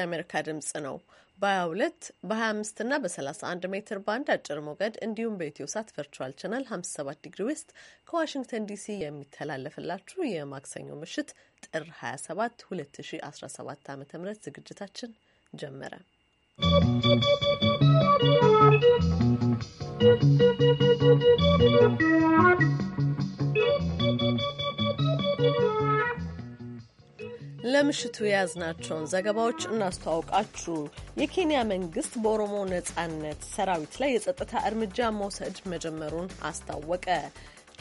የአሜሪካ ድምጽ ነው። በ22 በ25 እና በ31 ሜትር ባንድ አጭር ሞገድ እንዲሁም በኢትዮ ሳት ቨርቹዋል ቻናል 57 ዲግሪ ውስጥ ከዋሽንግተን ዲሲ የሚተላለፍላችሁ የማክሰኞ ምሽት ጥር 27 2017 ዓ ም ዝግጅታችን ጀመረ። ¶¶ ለምሽቱ የያዝናቸውን ዘገባዎች እናስተዋውቃችሁ። የኬንያ መንግስት በኦሮሞ ነጻነት ሰራዊት ላይ የጸጥታ እርምጃ መውሰድ መጀመሩን አስታወቀ።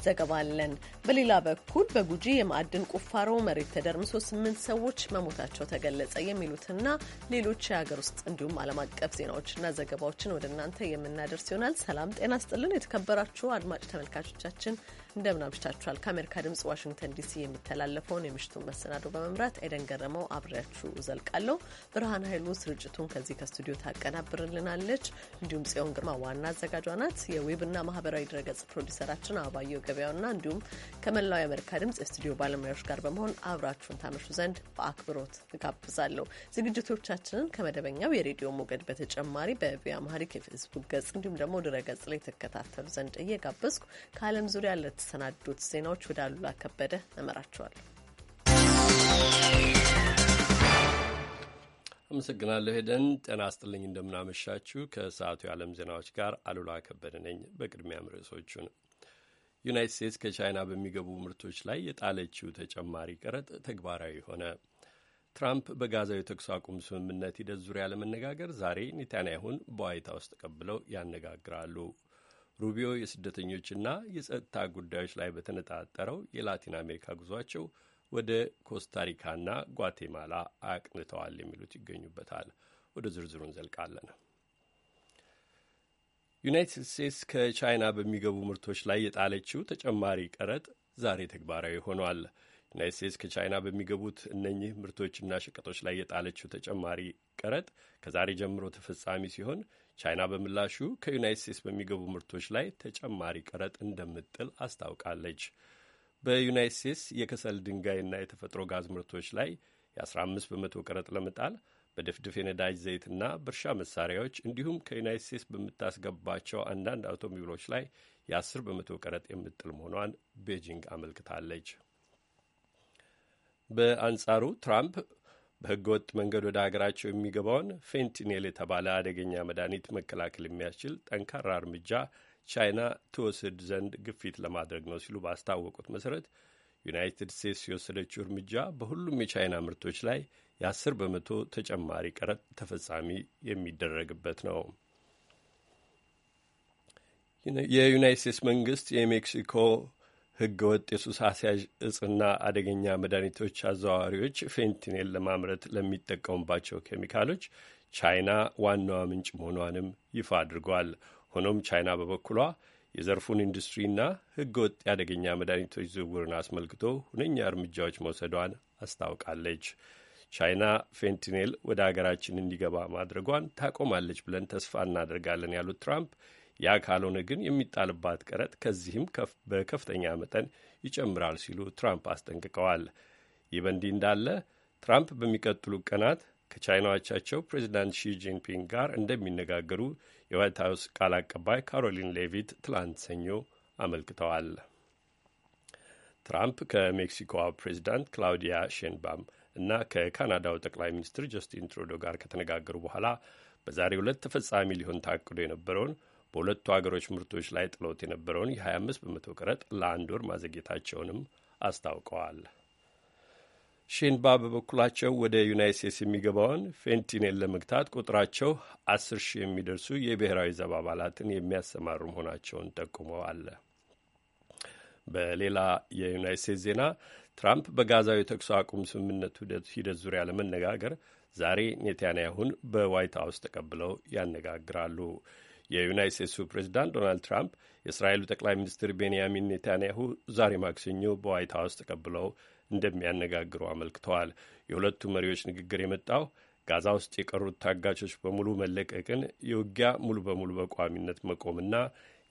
ዘገባ አለን። በሌላ በኩል በጉጂ የማዕድን ቁፋሮ መሬት ተደርምሶ ስምንት ሰዎች መሞታቸው ተገለጸ። የሚሉትና ሌሎች የሀገር ውስጥ እንዲሁም ዓለም አቀፍ ዜናዎችና ዘገባዎችን ወደ እናንተ የምናደርስ ይሆናል። ሰላም ጤና ስጥልን። የተከበራችሁ አድማጭ ተመልካቾቻችን እንደምናምሽታችኋል። ከአሜሪካ ድምጽ ዋሽንግተን ዲሲ የሚተላለፈውን የምሽቱን መሰናዶ በመምራት ኤደን ገረመው አብሬያችሁ እዘልቃለሁ። ብርሃን ኃይሉ ስርጭቱን ከዚህ ከስቱዲዮ ታቀናብርልናለች። እንዲሁም ጽዮን ግርማ ዋና አዘጋጇ ናት። የዌብና ማህበራዊ ድረገጽ ፕሮዲሰራችን አባየው ገበያውና እንዲሁም ከመላው የአሜሪካ ድምጽ የስቱዲዮ ባለሙያዎች ጋር በመሆን አብራችሁን ታመሹ ዘንድ በአክብሮት እጋብዛለሁ። ዝግጅቶቻችንን ከመደበኛው የሬዲዮ ሞገድ በተጨማሪ በቪያ አማርኛ የፌስቡክ ገጽ እንዲሁም ደግሞ ድረገጽ ላይ ተከታተሉ ዘንድ እየጋበዝኩ ከአለም ዙሪያ የተሰናዱት ዜናዎች ወደ አሉላ ከበደ እመራቸዋለሁ። አመሰግናለሁ ሄደን። ጤና ይስጥልኝ፣ እንደምናመሻችሁ። ከሰዓቱ የዓለም ዜናዎች ጋር አሉላ ከበደ ነኝ። በቅድሚያም ርዕሶቹን ዩናይት ስቴትስ ከቻይና በሚገቡ ምርቶች ላይ የጣለችው ተጨማሪ ቀረጥ ተግባራዊ ሆነ። ትራምፕ በጋዛዊ ተኩስ አቁም ስምምነት ሂደት ዙሪያ ለመነጋገር ዛሬ ኔታንያሁን በዋይት ሀውስ ተቀብለው ያነጋግራሉ። ሩቢዮ የስደተኞችና የጸጥታ ጉዳዮች ላይ በተነጣጠረው የላቲን አሜሪካ ጉዟቸው ወደ ኮስታሪካና ጓቴማላ አቅንተዋል የሚሉት ይገኙበታል። ወደ ዝርዝሩ እንዘልቃለን። ዩናይትድ ስቴትስ ከቻይና በሚገቡ ምርቶች ላይ የጣለችው ተጨማሪ ቀረጥ ዛሬ ተግባራዊ ሆኗል። ዩናይት ስቴትስ ከቻይና በሚገቡት እነኚህ ምርቶችና ሸቀጦች ላይ የጣለችው ተጨማሪ ቀረጥ ከዛሬ ጀምሮ ተፈጻሚ ሲሆን ቻይና በምላሹ ከዩናይት ስቴትስ በሚገቡ ምርቶች ላይ ተጨማሪ ቀረጥ እንደምጥል አስታውቃለች። በዩናይት ስቴትስ የከሰል ድንጋይና የተፈጥሮ ጋዝ ምርቶች ላይ የ15 በመቶ ቀረጥ ለመጣል በድፍድፍ የነዳጅ ዘይትና በእርሻ መሳሪያዎች እንዲሁም ከዩናይት ስቴትስ በምታስገባቸው አንዳንድ አውቶሞቢሎች ላይ የ10 በመቶ ቀረጥ የምጥል መሆኗን ቤጂንግ አመልክታለች። በአንጻሩ ትራምፕ በህገ ወጥ መንገድ ወደ ሀገራቸው የሚገባውን ፌንቲኔል የተባለ አደገኛ መድኃኒት መከላከል የሚያስችል ጠንካራ እርምጃ ቻይና ትወስድ ዘንድ ግፊት ለማድረግ ነው ሲሉ ባስታወቁት መሰረት ዩናይትድ ስቴትስ የወሰደችው እርምጃ በሁሉም የቻይና ምርቶች ላይ የአስር በመቶ ተጨማሪ ቀረጥ ተፈጻሚ የሚደረግበት ነው። የዩናይት ስቴትስ መንግስት የሜክሲኮ ህገወጥ የሱስ አስያዥ እጽና አደገኛ መድኃኒቶች አዘዋዋሪዎች ፌንቲኔል ለማምረት ለሚጠቀሙባቸው ኬሚካሎች ቻይና ዋናዋ ምንጭ መሆኗንም ይፋ አድርጓል። ሆኖም ቻይና በበኩሏ የዘርፉን ኢንዱስትሪና ህገወጥ የአደገኛ መድኃኒቶች ዝውውርን አስመልክቶ ሁነኛ እርምጃዎች መውሰዷን አስታውቃለች። ቻይና ፌንቲኔል ወደ አገራችን እንዲገባ ማድረጓን ታቆማለች ብለን ተስፋ እናደርጋለን ያሉት ትራምፕ ያ ካልሆነ ግን የሚጣልባት ቀረጥ ከዚህም በከፍተኛ መጠን ይጨምራል ሲሉ ትራምፕ አስጠንቅቀዋል። ይህ በእንዲህ እንዳለ ትራምፕ በሚቀጥሉ ቀናት ከቻይናዎቻቸው ፕሬዚዳንት ሺ ጂንፒንግ ጋር እንደሚነጋገሩ የዋይት ሀውስ ቃል አቀባይ ካሮሊን ሌቪት ትላንት ሰኞ አመልክተዋል። ትራምፕ ከሜክሲኮዋ ፕሬዚዳንት ክላውዲያ ሼንባም እና ከካናዳው ጠቅላይ ሚኒስትር ጀስቲን ትሮዶ ጋር ከተነጋገሩ በኋላ በዛሬው ዕለት ተፈጻሚ ሊሆን ታቅዶ የነበረውን በሁለቱ አገሮች ምርቶች ላይ ጥሎት የነበረውን የ25 በመቶ ቀረጥ ለአንድ ወር ማዘግየታቸውንም አስታውቀዋል። ሼንባ በበኩላቸው ወደ ዩናይት ስቴትስ የሚገባውን ፌንቲኔል ለመግታት ቁጥራቸው አስር ሺህ የሚደርሱ የብሔራዊ ዘብ አባላትን የሚያሰማሩ መሆናቸውን ጠቁመዋል። በሌላ የዩናይት ስቴትስ ዜና ትራምፕ በጋዛዊ ተኩስ አቁም ስምምነት ሂደት ዙሪያ ለመነጋገር ዛሬ ኔታንያሁን በዋይት ሀውስ ተቀብለው ያነጋግራሉ። የዩናይት ስቴትሱ ፕሬዚዳንት ዶናልድ ትራምፕ የእስራኤሉ ጠቅላይ ሚኒስትር ቤንያሚን ኔታንያሁ ዛሬ ማክሰኞ በዋይት ሀውስ ተቀብለው እንደሚያነጋግሩ አመልክተዋል። የሁለቱ መሪዎች ንግግር የመጣው ጋዛ ውስጥ የቀሩት ታጋቾች በሙሉ መለቀቅን፣ የውጊያ ሙሉ በሙሉ በቋሚነት መቆምና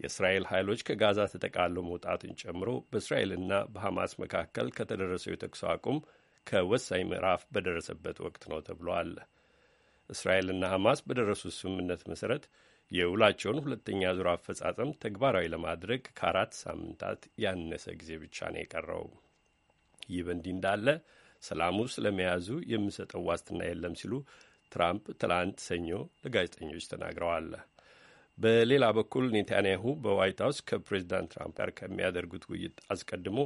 የእስራኤል ኃይሎች ከጋዛ ተጠቃለው መውጣትን ጨምሮ በእስራኤልና በሐማስ መካከል ከተደረሰው የተኩስ አቁም ከወሳኝ ምዕራፍ በደረሰበት ወቅት ነው ተብሏል። እስራኤልና ሐማስ በደረሱት ስምምነት መሠረት የውላቸውን ሁለተኛ ዙር አፈጻጸም ተግባራዊ ለማድረግ ከአራት ሳምንታት ያነሰ ጊዜ ብቻ ነው የቀረው። ይህ በእንዲህ እንዳለ ሰላሙ ስለመያዙ የምሰጠው ዋስትና የለም ሲሉ ትራምፕ ትላንት ሰኞ ለጋዜጠኞች ተናግረዋል። በሌላ በኩል ኔታንያሁ በዋይት ሀውስ ከፕሬዚዳንት ትራምፕ ጋር ከሚያደርጉት ውይይት አስቀድሞ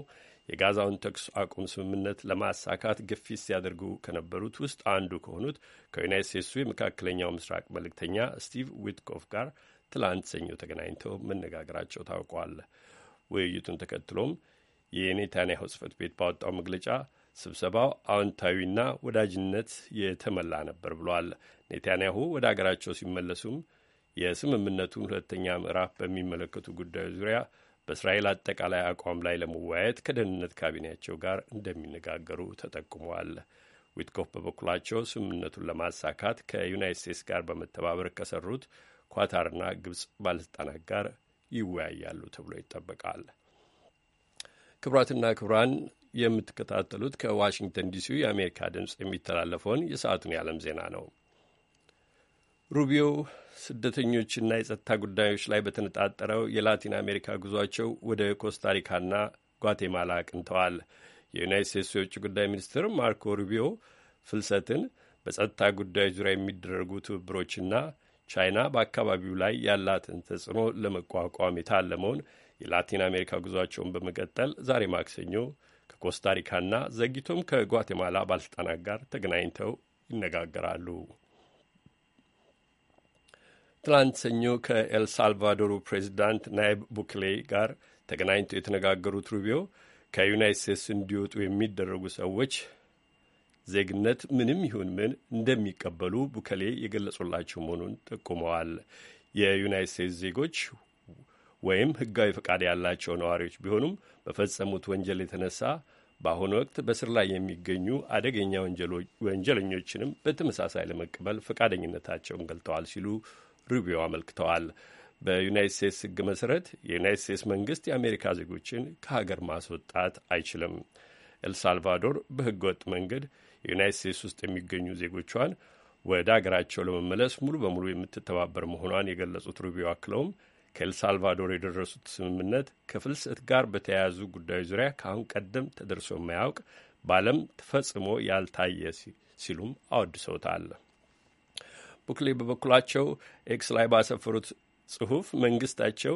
የጋዛውን ተኩስ አቁም ስምምነት ለማሳካት ግፊት ሲያደርጉ ከነበሩት ውስጥ አንዱ ከሆኑት ከዩናይት ስቴትሱ የመካከለኛው ምስራቅ መልእክተኛ ስቲቭ ዊትኮፍ ጋር ትላንት ሰኞ ተገናኝተው መነጋገራቸው ታውቋል። ውይይቱን ተከትሎም የኔታንያሁ ጽህፈት ቤት ባወጣው መግለጫ ስብሰባው አዎንታዊና ወዳጅነት የተመላ ነበር ብሏል። ኔታንያሁ ወደ አገራቸው ሲመለሱም የስምምነቱን ሁለተኛ ምዕራፍ በሚመለከቱ ጉዳዮች ዙሪያ በእስራኤል አጠቃላይ አቋም ላይ ለመወያየት ከደህንነት ካቢኔያቸው ጋር እንደሚነጋገሩ ተጠቁመዋል። ዊትኮፍ በበኩላቸው ስምምነቱን ለማሳካት ከዩናይት ስቴትስ ጋር በመተባበር ከሰሩት ኳታርና ግብጽ ባለስልጣናት ጋር ይወያያሉ ተብሎ ይጠበቃል። ክቡራትና ክቡራን የምትከታተሉት ከዋሽንግተን ዲሲው የአሜሪካ ድምፅ የሚተላለፈውን የሰዓቱን የዓለም ዜና ነው። ሩቢዮ ስደተኞችና የጸጥታ ጉዳዮች ላይ በተነጣጠረው የላቲን አሜሪካ ጉዟቸው ወደ ኮስታሪካና ጓቴማላ አቅንተዋል። የዩናይት ስቴትስ የውጭ ጉዳይ ሚኒስትር ማርኮ ሩቢዮ ፍልሰትን፣ በጸጥታ ጉዳዮች ዙሪያ የሚደረጉ ትብብሮችና ቻይና በአካባቢው ላይ ያላትን ተጽዕኖ ለመቋቋም የታለመውን የላቲን አሜሪካ ጉዟቸውን በመቀጠል ዛሬ ማክሰኞ ከኮስታሪካና ዘግይቶም ከጓቴማላ ባለስልጣናት ጋር ተገናኝተው ይነጋገራሉ። ትላንት ሰኞ ከኤልሳልቫዶሩ ፕሬዚዳንት ናይብ ቡክሌ ጋር ተገናኝተው የተነጋገሩት ሩቢዮ ከዩናይት ስቴትስ እንዲወጡ የሚደረጉ ሰዎች ዜግነት ምንም ይሁን ምን እንደሚቀበሉ ቡከሌ የገለጹላቸው መሆኑን ጠቁመዋል። የዩናይት ስቴትስ ዜጎች ወይም ሕጋዊ ፈቃድ ያላቸው ነዋሪዎች ቢሆኑም በፈጸሙት ወንጀል የተነሳ በአሁኑ ወቅት በስር ላይ የሚገኙ አደገኛ ወንጀለኞችንም በተመሳሳይ ለመቀበል ፈቃደኝነታቸውን ገልጠዋል ሲሉ ሩቢዮ አመልክተዋል። በዩናይት ስቴትስ ሕግ መሠረት የዩናይት ስቴትስ መንግስት የአሜሪካ ዜጎችን ከሀገር ማስወጣት አይችልም። ኤልሳልቫዶር በሕገ ወጥ መንገድ የዩናይት ስቴትስ ውስጥ የሚገኙ ዜጎቿን ወደ አገራቸው ለመመለስ ሙሉ በሙሉ የምትተባበር መሆኗን የገለጹት ሩቢዮ አክለውም ከኤልሳልቫዶር የደረሱት ስምምነት ከፍልሰት ጋር በተያያዙ ጉዳዮች ዙሪያ ከአሁን ቀደም ተደርሶ የማያውቅ በዓለም ተፈጽሞ ያልታየ ሲሉም አወድሰውታል። ኦክሌ በበኩላቸው ኤክስ ላይ ባሰፈሩት ጽሁፍ መንግስታቸው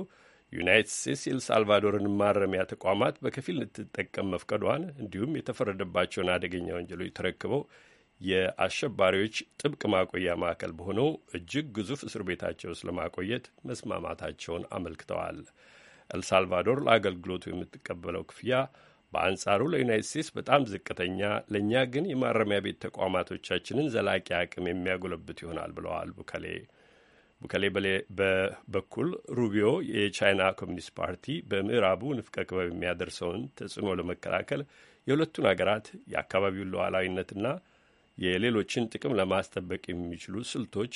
ዩናይትድ ስቴትስ የኤልሳልቫዶርን ማረሚያ ተቋማት በከፊል ልትጠቀም መፍቀዷን እንዲሁም የተፈረደባቸውን አደገኛ ወንጀሎች ተረክበው የአሸባሪዎች ጥብቅ ማቆያ ማዕከል በሆነው እጅግ ግዙፍ እስር ቤታቸው ስለማቆየት መስማማታቸውን አመልክተዋል። ኤልሳልቫዶር ለአገልግሎቱ የምትቀበለው ክፍያ በአንጻሩ ለዩናይት ስቴትስ በጣም ዝቅተኛ፣ ለእኛ ግን የማረሚያ ቤት ተቋማቶቻችንን ዘላቂ አቅም የሚያጎለብት ይሆናል ብለዋል ቡከሌ። ቡከሌ በበኩል ሩቢዮ የቻይና ኮሚኒስት ፓርቲ በምዕራቡ ንፍቀ ክበብ የሚያደርሰውን ተጽዕኖ ለመከላከል የሁለቱን አገራት የአካባቢውን ሉዓላዊነትና የሌሎችን ጥቅም ለማስጠበቅ የሚችሉ ስልቶች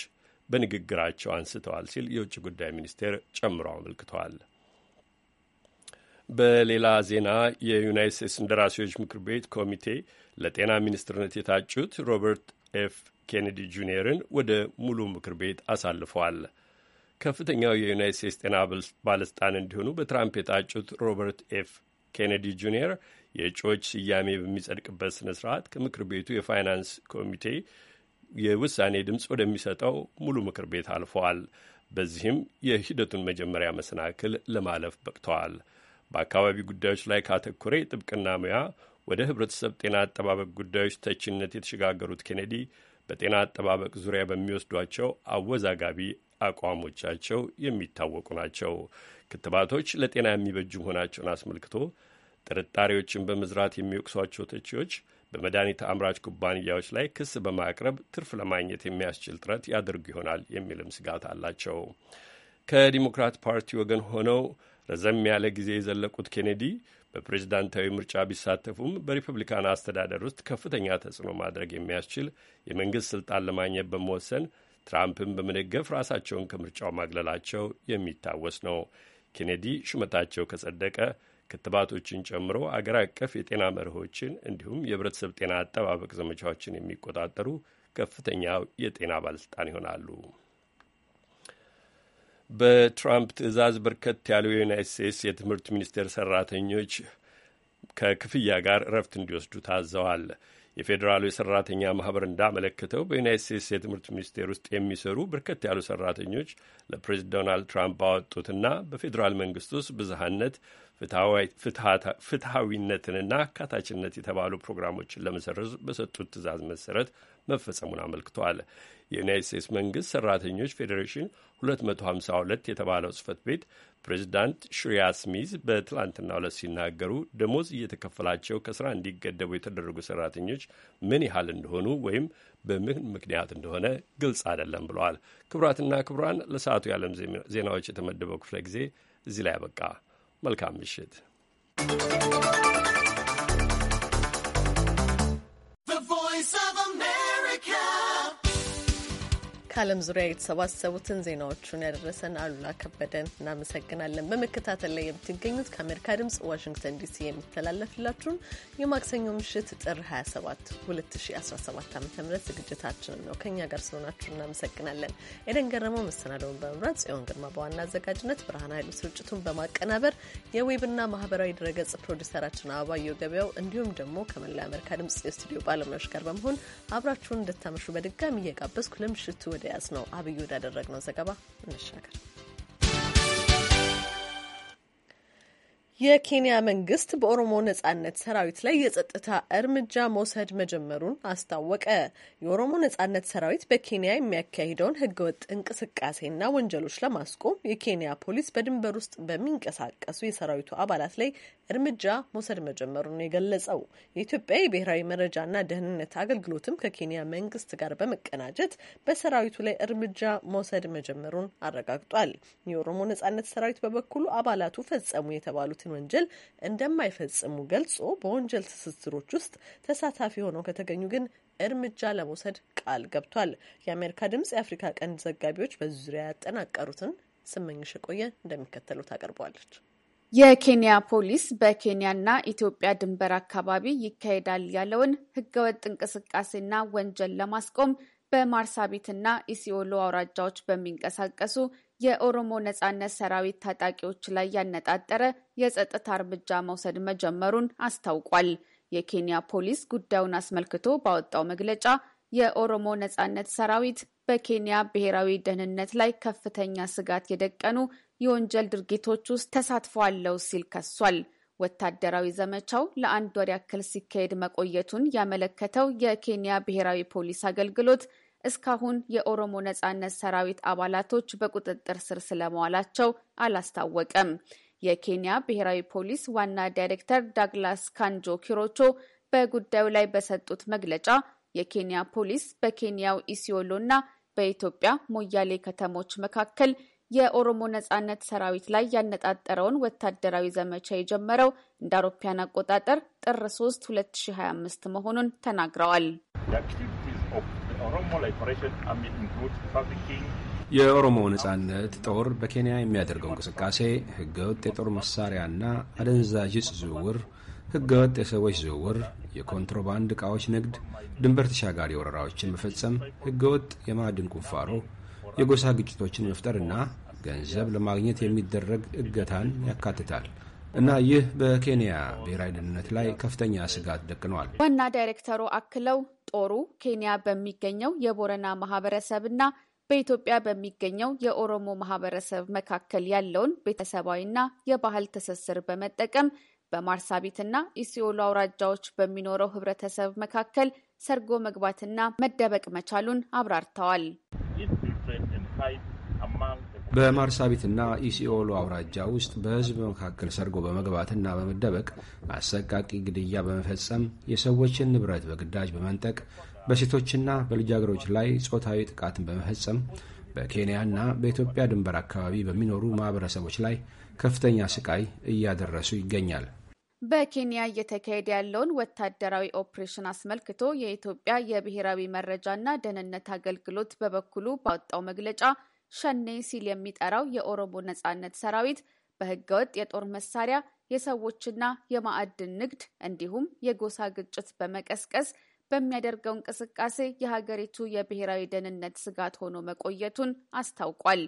በንግግራቸው አንስተዋል ሲል የውጭ ጉዳይ ሚኒስቴር ጨምሮ አመልክተዋል። በሌላ ዜና የዩናይት ስቴትስ እንደራሴዎች ምክር ቤት ኮሚቴ ለጤና ሚኒስትርነት የታጩት ሮበርት ኤፍ ኬኔዲ ጁኒየርን ወደ ሙሉ ምክር ቤት አሳልፈዋል። ከፍተኛው የዩናይት ስቴትስ ጤና ባለስልጣን እንዲሆኑ በትራምፕ የታጩት ሮበርት ኤፍ ኬኔዲ ጁኒየር የእጩዎች ስያሜ በሚጸድቅበት ስነ ስርዓት ከምክር ቤቱ የፋይናንስ ኮሚቴ የውሳኔ ድምፅ ወደሚሰጠው ሙሉ ምክር ቤት አልፈዋል። በዚህም የሂደቱን መጀመሪያ መሰናክል ለማለፍ በቅተዋል። በአካባቢ ጉዳዮች ላይ ካተኮረ ጥብቅና ሙያ ወደ ህብረተሰብ ጤና አጠባበቅ ጉዳዮች ተችነት የተሸጋገሩት ኬኔዲ በጤና አጠባበቅ ዙሪያ በሚወስዷቸው አወዛጋቢ አቋሞቻቸው የሚታወቁ ናቸው። ክትባቶች ለጤና የሚበጁ መሆናቸውን አስመልክቶ ጥርጣሬዎችን በመዝራት የሚወቅሷቸው ተቺዎች በመድኃኒት አምራች ኩባንያዎች ላይ ክስ በማቅረብ ትርፍ ለማግኘት የሚያስችል ጥረት ያደርጉ ይሆናል የሚልም ስጋት አላቸው። ከዲሞክራት ፓርቲ ወገን ሆነው ረዘም ያለ ጊዜ የዘለቁት ኬኔዲ በፕሬዝዳንታዊ ምርጫ ቢሳተፉም በሪፐብሊካን አስተዳደር ውስጥ ከፍተኛ ተጽዕኖ ማድረግ የሚያስችል የመንግሥት ስልጣን ለማግኘት በመወሰን ትራምፕን በመደገፍ ራሳቸውን ከምርጫው ማግለላቸው የሚታወስ ነው። ኬኔዲ ሹመታቸው ከጸደቀ ክትባቶችን ጨምሮ አገር አቀፍ የጤና መርሆችን እንዲሁም የህብረተሰብ ጤና አጠባበቅ ዘመቻዎችን የሚቆጣጠሩ ከፍተኛው የጤና ባለስልጣን ይሆናሉ። በትራምፕ ትዕዛዝ በርከት ያሉ የዩናይት ስቴትስ የትምህርት ሚኒስቴር ሰራተኞች ከክፍያ ጋር እረፍት እንዲወስዱ ታዘዋል። የፌዴራሉ የሰራተኛ ማህበር እንዳመለከተው በዩናይት ስቴትስ የትምህርት ሚኒስቴር ውስጥ የሚሰሩ በርከት ያሉ ሰራተኞች ለፕሬዚደንት ዶናልድ ትራምፕ ባወጡትና በፌዴራል መንግስት ውስጥ ብዝሃነት ፍትሐዊነትንና አካታችነት የተባሉ ፕሮግራሞችን ለመሰረዝ በሰጡት ትእዛዝ መሰረት መፈጸሙን አመልክተዋል። የዩናይት ስቴትስ መንግሥት ሠራተኞች ፌዴሬሽን 252 የተባለው ጽህፈት ቤት ፕሬዚዳንት ሽሪያ ስሚዝ በትላንትና ዕለት ሲናገሩ ደሞዝ እየተከፈላቸው ከስራ እንዲገደቡ የተደረጉ ሰራተኞች ምን ያህል እንደሆኑ ወይም በምን ምክንያት እንደሆነ ግልጽ አይደለም ብለዋል። ክቡራትና ክቡራን ለሰዓቱ የዓለም ዜናዎች የተመደበው ክፍለ ጊዜ እዚህ ላይ ያበቃ። መልካም ምሽት። ከዓለም ዙሪያ የተሰባሰቡትን ዜናዎቹን ያደረሰን አሉላ ከበደን እናመሰግናለን። በመከታተል ላይ የምትገኙት ከአሜሪካ ድምጽ ዋሽንግተን ዲሲ የሚተላለፍላችሁን የማክሰኞ ምሽት ጥር 27 2017 ዓ ም ዝግጅታችንን ነው። ከእኛ ጋር ስለሆናችሁ እናመሰግናለን። ኤደን ገረመው መሰናደውን በመምራት ጽዮን ግርማ በዋና አዘጋጅነት፣ ብርሃን ኃይሉ ስርጭቱን በማቀናበር የዌብና ማህበራዊ ድረገጽ ፕሮዲሰራችን አበባየሁ ገበያው እንዲሁም ደግሞ ከመላ የአሜሪካ ድምጽ የስቱዲዮ ባለሙያዎች ጋር በመሆን አብራችሁን እንድታመሹ በድጋሚ እየጋበዝኩ ለምሽቱ ወደ ያስ ነው አብይ ወዳደረግነው ዘገባ እንሻገር። የኬንያ መንግስት በኦሮሞ ነጻነት ሰራዊት ላይ የጸጥታ እርምጃ መውሰድ መጀመሩን አስታወቀ። የኦሮሞ ነጻነት ሰራዊት በኬንያ የሚያካሂደውን ህገወጥ እንቅስቃሴና ወንጀሎች ለማስቆም የኬንያ ፖሊስ በድንበር ውስጥ በሚንቀሳቀሱ የሰራዊቱ አባላት ላይ እርምጃ መውሰድ መጀመሩን የገለጸው የኢትዮጵያ የብሔራዊ መረጃና ደህንነት አገልግሎትም ከኬንያ መንግስት ጋር በመቀናጀት በሰራዊቱ ላይ እርምጃ መውሰድ መጀመሩን አረጋግጧል። የኦሮሞ ነጻነት ሰራዊት በበኩሉ አባላቱ ፈጸሙ የተባሉትን የሽብርን ወንጀል እንደማይፈጽሙ ገልጾ በወንጀል ትስስሮች ውስጥ ተሳታፊ ሆነው ከተገኙ ግን እርምጃ ለመውሰድ ቃል ገብቷል። የአሜሪካ ድምጽ የአፍሪካ ቀንድ ዘጋቢዎች በዙሪያ ያጠናቀሩትን ስመኝሽ ቆየ እንደሚከተሉት ታቀርበዋለች። የኬንያ ፖሊስ በኬንያና ኢትዮጵያ ድንበር አካባቢ ይካሄዳል ያለውን ህገወጥ እንቅስቃሴና ወንጀል ለማስቆም በማርሳቢትና ኢሲኦሎ አውራጃዎች በሚንቀሳቀሱ የኦሮሞ ነጻነት ሰራዊት ታጣቂዎች ላይ ያነጣጠረ የጸጥታ እርምጃ መውሰድ መጀመሩን አስታውቋል። የኬንያ ፖሊስ ጉዳዩን አስመልክቶ ባወጣው መግለጫ የኦሮሞ ነጻነት ሰራዊት በኬንያ ብሔራዊ ደህንነት ላይ ከፍተኛ ስጋት የደቀኑ የወንጀል ድርጊቶች ውስጥ ተሳትፎ አለው ሲል ከሷል። ወታደራዊ ዘመቻው ለአንድ ወር ያክል ሲካሄድ መቆየቱን ያመለከተው የኬንያ ብሔራዊ ፖሊስ አገልግሎት እስካሁን የኦሮሞ ነጻነት ሰራዊት አባላቶች በቁጥጥር ስር ስለመዋላቸው አላስታወቀም። የኬንያ ብሔራዊ ፖሊስ ዋና ዳይሬክተር ዳግላስ ካንጆ ኪሮቾ በጉዳዩ ላይ በሰጡት መግለጫ የኬንያ ፖሊስ በኬንያው ኢሲዮሎ እና በኢትዮጵያ ሞያሌ ከተሞች መካከል የኦሮሞ ነጻነት ሰራዊት ላይ ያነጣጠረውን ወታደራዊ ዘመቻ የጀመረው እንደ አውሮፓያን አቆጣጠር ጥር 3 2025 መሆኑን ተናግረዋል። የኦሮሞ ነጻነት ጦር በኬንያ የሚያደርገው እንቅስቃሴ ህገወጥ የጦር መሳሪያና አደንዛዥ እጽ ዝውውር፣ ህገወጥ የሰዎች ዝውውር፣ የኮንትሮባንድ ዕቃዎች ንግድ፣ ድንበር ተሻጋሪ ወረራዎችን መፈጸም፣ ህገወጥ የማዕድን ቁፋሮ፣ የጎሳ ግጭቶችን መፍጠርና ገንዘብ ለማግኘት የሚደረግ እገታን ያካትታል። እና ይህ በኬንያ ብሔራዊ ደህንነት ላይ ከፍተኛ ስጋት ደቅነዋል። ዋና ዳይሬክተሩ አክለው ጦሩ ኬንያ በሚገኘው የቦረና ማህበረሰብ እና በኢትዮጵያ በሚገኘው የኦሮሞ ማህበረሰብ መካከል ያለውን ቤተሰባዊና የባህል ትስስር በመጠቀም በማርሳቢትና ኢሲዮሎ አውራጃዎች በሚኖረው ህብረተሰብ መካከል ሰርጎ መግባትና መደበቅ መቻሉን አብራርተዋል። በማርሳቢትና ኢሲኦሎ አውራጃ ውስጥ በህዝብ መካከል ሰርጎ በመግባትና በመደበቅ አሰቃቂ ግድያ በመፈጸም የሰዎችን ንብረት በግዳጅ በመንጠቅ በሴቶችና በልጃገሮች ላይ ጾታዊ ጥቃትን በመፈጸም በኬንያና በኢትዮጵያ ድንበር አካባቢ በሚኖሩ ማህበረሰቦች ላይ ከፍተኛ ስቃይ እያደረሱ ይገኛል። በኬንያ እየተካሄደ ያለውን ወታደራዊ ኦፕሬሽን አስመልክቶ የኢትዮጵያ የብሔራዊ መረጃና ደህንነት አገልግሎት በበኩሉ ባወጣው መግለጫ ሸኔ ሲል የሚጠራው የኦሮሞ ነጻነት ሰራዊት በህገወጥ የጦር መሳሪያ የሰዎችና የማዕድን ንግድ እንዲሁም የጎሳ ግጭት በመቀስቀስ በሚያደርገው እንቅስቃሴ የሀገሪቱ የብሔራዊ ደህንነት ስጋት ሆኖ መቆየቱን አስታውቋል።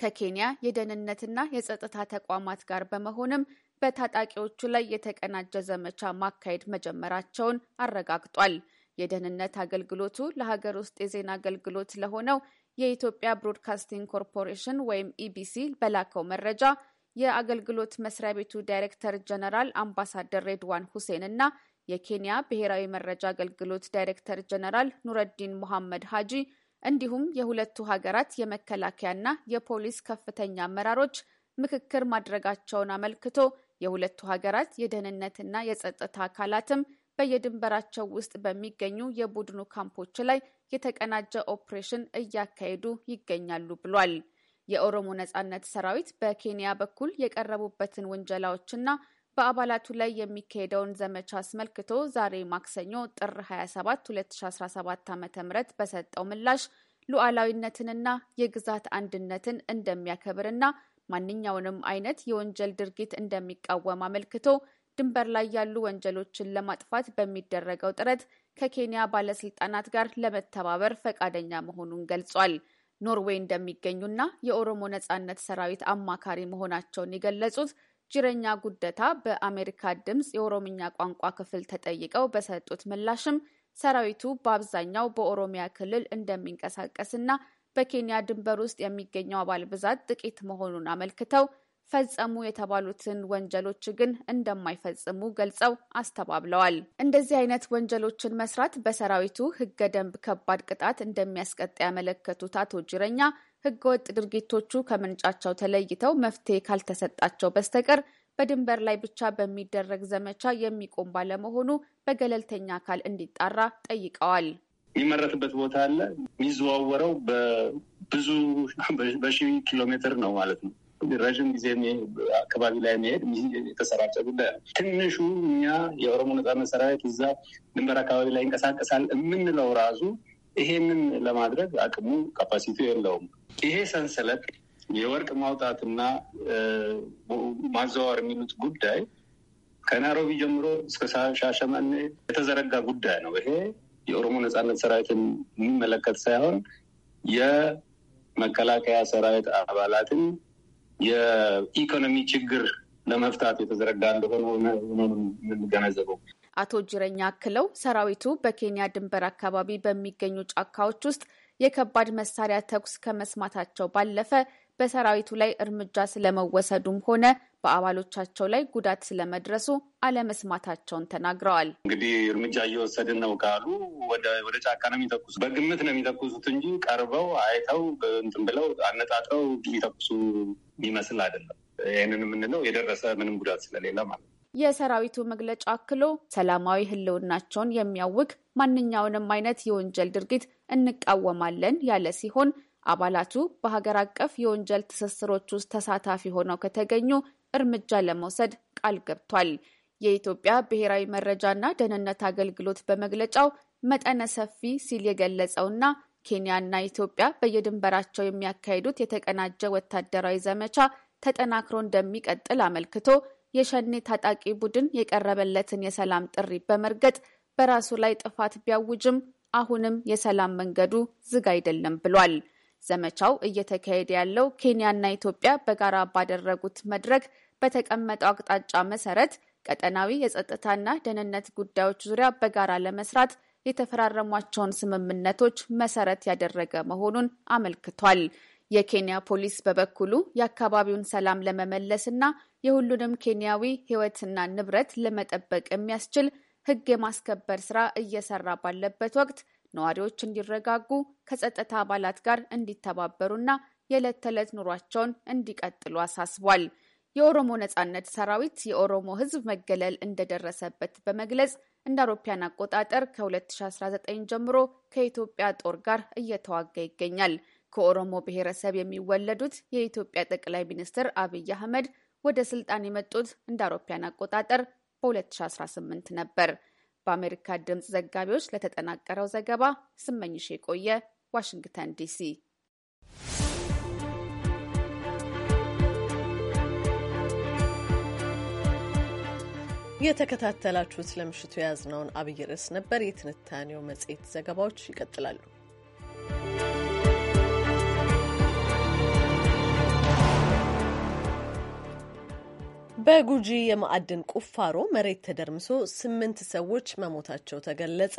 ከኬንያ የደህንነትና የጸጥታ ተቋማት ጋር በመሆንም በታጣቂዎቹ ላይ የተቀናጀ ዘመቻ ማካሄድ መጀመራቸውን አረጋግጧል። የደህንነት አገልግሎቱ ለሀገር ውስጥ የዜና አገልግሎት ለሆነው የኢትዮጵያ ብሮድካስቲንግ ኮርፖሬሽን ወይም ኢቢሲ e በላከው መረጃ የአገልግሎት መስሪያ ቤቱ ዳይሬክተር ጀነራል አምባሳደር ሬድዋን ሁሴን እና የኬንያ ብሔራዊ መረጃ አገልግሎት ዳይሬክተር ጀነራል ኑረዲን ሞሐመድ ሀጂ እንዲሁም የሁለቱ ሀገራት የመከላከያና የፖሊስ ከፍተኛ አመራሮች ምክክር ማድረጋቸውን አመልክቶ የሁለቱ ሀገራት የደህንነትና የጸጥታ አካላትም በየድንበራቸው ውስጥ በሚገኙ የቡድኑ ካምፖች ላይ የተቀናጀ ኦፕሬሽን እያካሄዱ ይገኛሉ ብሏል። የኦሮሞ ነጻነት ሰራዊት በኬንያ በኩል የቀረቡበትን ውንጀላዎችና በአባላቱ ላይ የሚካሄደውን ዘመቻ አስመልክቶ ዛሬ ማክሰኞ ጥር 27 2017 ዓ ም በሰጠው ምላሽ ሉዓላዊነትንና የግዛት አንድነትን እንደሚያከብርና ማንኛውንም አይነት የወንጀል ድርጊት እንደሚቃወም አመልክቶ ድንበር ላይ ያሉ ወንጀሎችን ለማጥፋት በሚደረገው ጥረት ከኬንያ ባለስልጣናት ጋር ለመተባበር ፈቃደኛ መሆኑን ገልጿል። ኖርዌይ እንደሚገኙና የኦሮሞ ነጻነት ሰራዊት አማካሪ መሆናቸውን የገለጹት ጅረኛ ጉደታ በአሜሪካ ድምፅ የኦሮምኛ ቋንቋ ክፍል ተጠይቀው በሰጡት ምላሽም ሰራዊቱ በአብዛኛው በኦሮሚያ ክልል እንደሚንቀሳቀስና በኬንያ ድንበር ውስጥ የሚገኘው አባል ብዛት ጥቂት መሆኑን አመልክተው ፈጸሙ የተባሉትን ወንጀሎች ግን እንደማይፈጽሙ ገልጸው አስተባብለዋል። እንደዚህ አይነት ወንጀሎችን መስራት በሰራዊቱ ሕገ ደንብ ከባድ ቅጣት እንደሚያስቀጣ ያመለከቱት አቶ ጅረኛ ህገወጥ ድርጊቶቹ ከምንጫቸው ተለይተው መፍትሄ ካልተሰጣቸው በስተቀር በድንበር ላይ ብቻ በሚደረግ ዘመቻ የሚቆም ባለመሆኑ በገለልተኛ አካል እንዲጣራ ጠይቀዋል። የሚመረትበት ቦታ አለ። የሚዘዋወረው በብዙ በሺህ ኪሎ ሜትር ነው ማለት ነው። ረዥም ጊዜ አካባቢ ላይ መሄድ የተሰራጨ ጉዳይ ነው። ትንሹ እኛ የኦሮሞ ነጻነት ሰራዊት እዛ ድንበር አካባቢ ላይ ይንቀሳቀሳል የምንለው ራሱ ይሄንን ለማድረግ አቅሙ ካፓሲቲ የለውም። ይሄ ሰንሰለት የወርቅ ማውጣትና ማዘዋወር የሚሉት ጉዳይ ከናይሮቢ ጀምሮ እስከ ሻሸመኔ የተዘረጋ ጉዳይ ነው። ይሄ የኦሮሞ ነጻነት ሰራዊትን የሚመለከት ሳይሆን የመከላከያ ሰራዊት አባላትን የኢኮኖሚ ችግር ለመፍታት የተዘረጋ እንደሆነ የምንገነዘበው። አቶ ጅረኛ አክለው ሰራዊቱ በኬንያ ድንበር አካባቢ በሚገኙ ጫካዎች ውስጥ የከባድ መሳሪያ ተኩስ ከመስማታቸው ባለፈ በሰራዊቱ ላይ እርምጃ ስለመወሰዱም ሆነ በአባሎቻቸው ላይ ጉዳት ስለመድረሱ አለመስማታቸውን ተናግረዋል። እንግዲህ እርምጃ እየወሰድን ነው ካሉ ወደ ጫካ ነው የሚተኩሱ በግምት ነው የሚተኩሱት እንጂ ቀርበው አይተው እንትን ብለው አነጣጥረው የሚተኩሱ የሚመስል አይደለም። ይህንን የምንለው የደረሰ ምንም ጉዳት ስለሌለ ማለት ነው። የሰራዊቱ መግለጫ አክሎ ሰላማዊ ሕልውናቸውን የሚያውክ ማንኛውንም አይነት የወንጀል ድርጊት እንቃወማለን ያለ ሲሆን አባላቱ በሀገር አቀፍ የወንጀል ትስስሮች ውስጥ ተሳታፊ ሆነው ከተገኙ እርምጃ ለመውሰድ ቃል ገብቷል። የኢትዮጵያ ብሔራዊ መረጃና ደህንነት አገልግሎት በመግለጫው መጠነ ሰፊ ሲል የገለጸውና ኬንያና ኢትዮጵያ በየድንበራቸው የሚያካሂዱት የተቀናጀ ወታደራዊ ዘመቻ ተጠናክሮ እንደሚቀጥል አመልክቶ የሸኔ ታጣቂ ቡድን የቀረበለትን የሰላም ጥሪ በመርገጥ በራሱ ላይ ጥፋት ቢያውጅም አሁንም የሰላም መንገዱ ዝግ አይደለም ብሏል። ዘመቻው እየተካሄደ ያለው ኬንያና ኢትዮጵያ በጋራ ባደረጉት መድረክ በተቀመጠው አቅጣጫ መሰረት ቀጠናዊ የጸጥታና ደህንነት ጉዳዮች ዙሪያ በጋራ ለመስራት የተፈራረሟቸውን ስምምነቶች መሰረት ያደረገ መሆኑን አመልክቷል። የኬንያ ፖሊስ በበኩሉ የአካባቢውን ሰላም ለመመለስና የሁሉንም ኬንያዊ ሕይወትና ንብረት ለመጠበቅ የሚያስችል ሕግ የማስከበር ስራ እየሰራ ባለበት ወቅት ነዋሪዎች እንዲረጋጉ ከጸጥታ አባላት ጋር እንዲተባበሩና የዕለት ተዕለት ኑሯቸውን እንዲቀጥሉ አሳስቧል። የኦሮሞ ነጻነት ሰራዊት የኦሮሞ ሕዝብ መገለል እንደደረሰበት በመግለጽ እንደ አውሮፓያን አቆጣጠር ከ2019 ጀምሮ ከኢትዮጵያ ጦር ጋር እየተዋጋ ይገኛል። ከኦሮሞ ብሔረሰብ የሚወለዱት የኢትዮጵያ ጠቅላይ ሚኒስትር አብይ አህመድ ወደ ስልጣን የመጡት እንደ አውሮፓያን አቆጣጠር በ2018 ነበር። በአሜሪካ ድምፅ ዘጋቢዎች ለተጠናቀረው ዘገባ ስመኝሽ የቆየ ዋሽንግተን ዲሲ። የተከታተላችሁት ለምሽቱ የያዝነውን አብይ ርዕስ ነበር። የትንታኔው መጽሔት ዘገባዎች ይቀጥላሉ። በጉጂ የማዕድን ቁፋሮ መሬት ተደርምሶ ስምንት ሰዎች መሞታቸው ተገለጸ።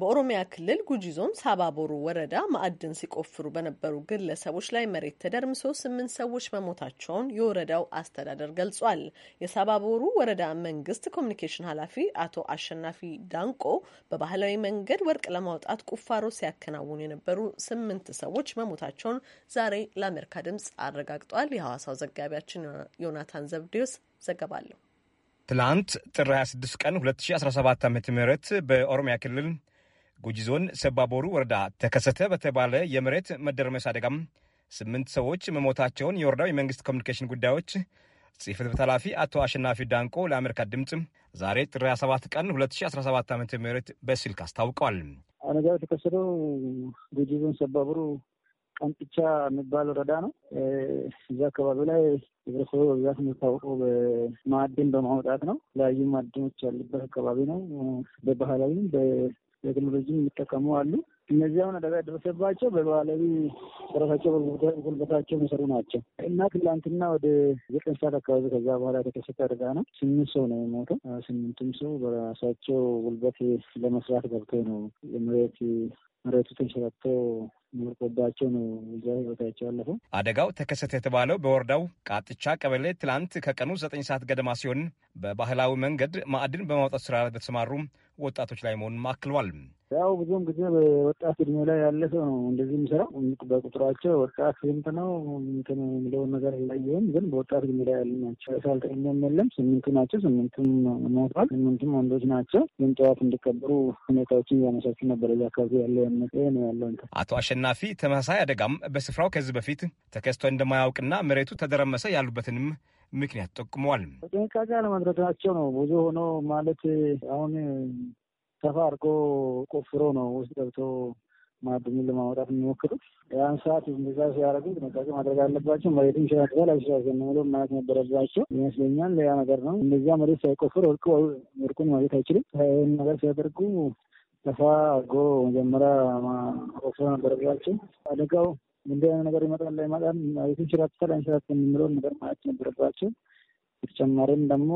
በኦሮሚያ ክልል ጉጂ ዞን ሳባቦሩ ወረዳ ማዕድን ሲቆፍሩ በነበሩ ግለሰቦች ላይ መሬት ተደርምሶ ስምንት ሰዎች መሞታቸውን የወረዳው አስተዳደር ገልጿል። የሳባቦሩ ወረዳ መንግስት ኮሚኒኬሽን ኃላፊ አቶ አሸናፊ ዳንቆ በባህላዊ መንገድ ወርቅ ለማውጣት ቁፋሮ ሲያከናውኑ የነበሩ ስምንት ሰዎች መሞታቸውን ዛሬ ለአሜሪካ ድምጽ አረጋግጧል። የሐዋሳው ዘጋቢያችን ዮናታን ዘብዴዎስ ዘገባለሁ። ትላንት ጥር 26 ቀን 2017 ዓ ም በኦሮሚያ ክልል ጉጂ ዞን ሰባቦሩ ወረዳ ተከሰተ በተባለ የመሬት መደረመስ አደጋም ስምንት ሰዎች መሞታቸውን የወረዳው የመንግስት ኮሚኒኬሽን ጉዳዮች ጽሕፈት ቤት ኃላፊ አቶ አሸናፊ ዳንቆ ለአሜሪካ ድምፅ ዛሬ ጥር 27 ቀን 2017 ዓ ም በስልክ አስታውቀዋል። አነጋ የተከሰተው ጉጂ ዞን ሰባቦሩ ቀንጥቻ የሚባል ወረዳ ነው። እዚ አካባቢ ላይ ህብረተሰቡ በብዛት የሚታወቀው በማዕድን በማውጣት ነው። ለያዩ ማዕድኖች ያሉበት አካባቢ ነው። በባህላዊም በቴክኖሎጂም የሚጠቀሙ አሉ። እነዚህ አሁን አደጋ የደረሰባቸው በባህላዊ በራሳቸው ጉልበታቸው የሚሰሩ ናቸው እና ትላንትና ወደ ዘጠኝ ሰዓት አካባቢ ከዛ በኋላ የተከሰተ አደጋ ነው። ስምንት ሰው ነው የሞተ። ስምንቱም ሰው በራሳቸው ጉልበት ለመስራት ገብቶ ነው መሬት መሬቱ ተንሸራቶ ምርኮባቸው ነው እዛ ህይወታቸው ያለፈው። አደጋው ተከሰተ የተባለው በወረዳው ቃጥቻ ቀበሌ ትላንት ከቀኑ ዘጠኝ ሰዓት ገደማ ሲሆን በባህላዊ መንገድ ማዕድን በማውጣት ስራ በተሰማሩ ወጣቶች ላይ መሆኑን አክሏል። ያው ብዙም ጊዜ በወጣት እድሜ ላይ ያለ ሰው ነው እንደዚህ የሚሰራው። በቁጥሯቸው ወጣት ስንት ነው እንትን የሚለውን ነገር አላየሁም፣ ግን በወጣት እድሜ ላይ ያለ ናቸው። ሳልጠኝም የለም ስምንቱ ናቸው። ስምንቱም ሞቷል። ስምንቱም ወንዶች ናቸው። ግን ጠዋት እንዲቀበሩ ሁኔታዎችን እያመቻቹ ነበር። እዚ አካባቢ ያለው ያመጠ ነው ያለው አቶ አሸና አሸናፊ ተመሳሳይ አደጋም በስፍራው ከዚህ በፊት ተከስቶ እንደማያውቅና መሬቱ ተደረመሰ ያሉበትንም ምክንያት ጠቁመዋል። ጥንቃቄ አለመድረጋቸው ነው። ብዙ ሆኖ ማለት አሁን ሰፋ አድርጎ ቆፍሮ ነው ውስጥ ገብቶ ማዕድኑን ለማውጣት የሚሞክሩት ያን ሰዓት እንደዛ ሲያደርጉ ጥንቃቄ ማድረግ አለባቸው። መሬቱን ሸራትባል አይሸራሸን ነው ብሎ ማለት ነበረባቸው ይመስለኛል። ያ ነገር ነው። እንደዚያ መሬት ሳይቆፍር ወርቁን ማየት አይችልም። ይህን ነገር ሲያደርጉ ሰፋ አድርጎ መጀመሪያ ወስዶ ነበር ገባችን። አደጋው እንዲህ አይነት ነገር ይመጣል ላይመጣል ማለቱ ይችላል አይችላል የሚለውን ነገር ማለት ነበረባቸው። በተጨማሪም ደግሞ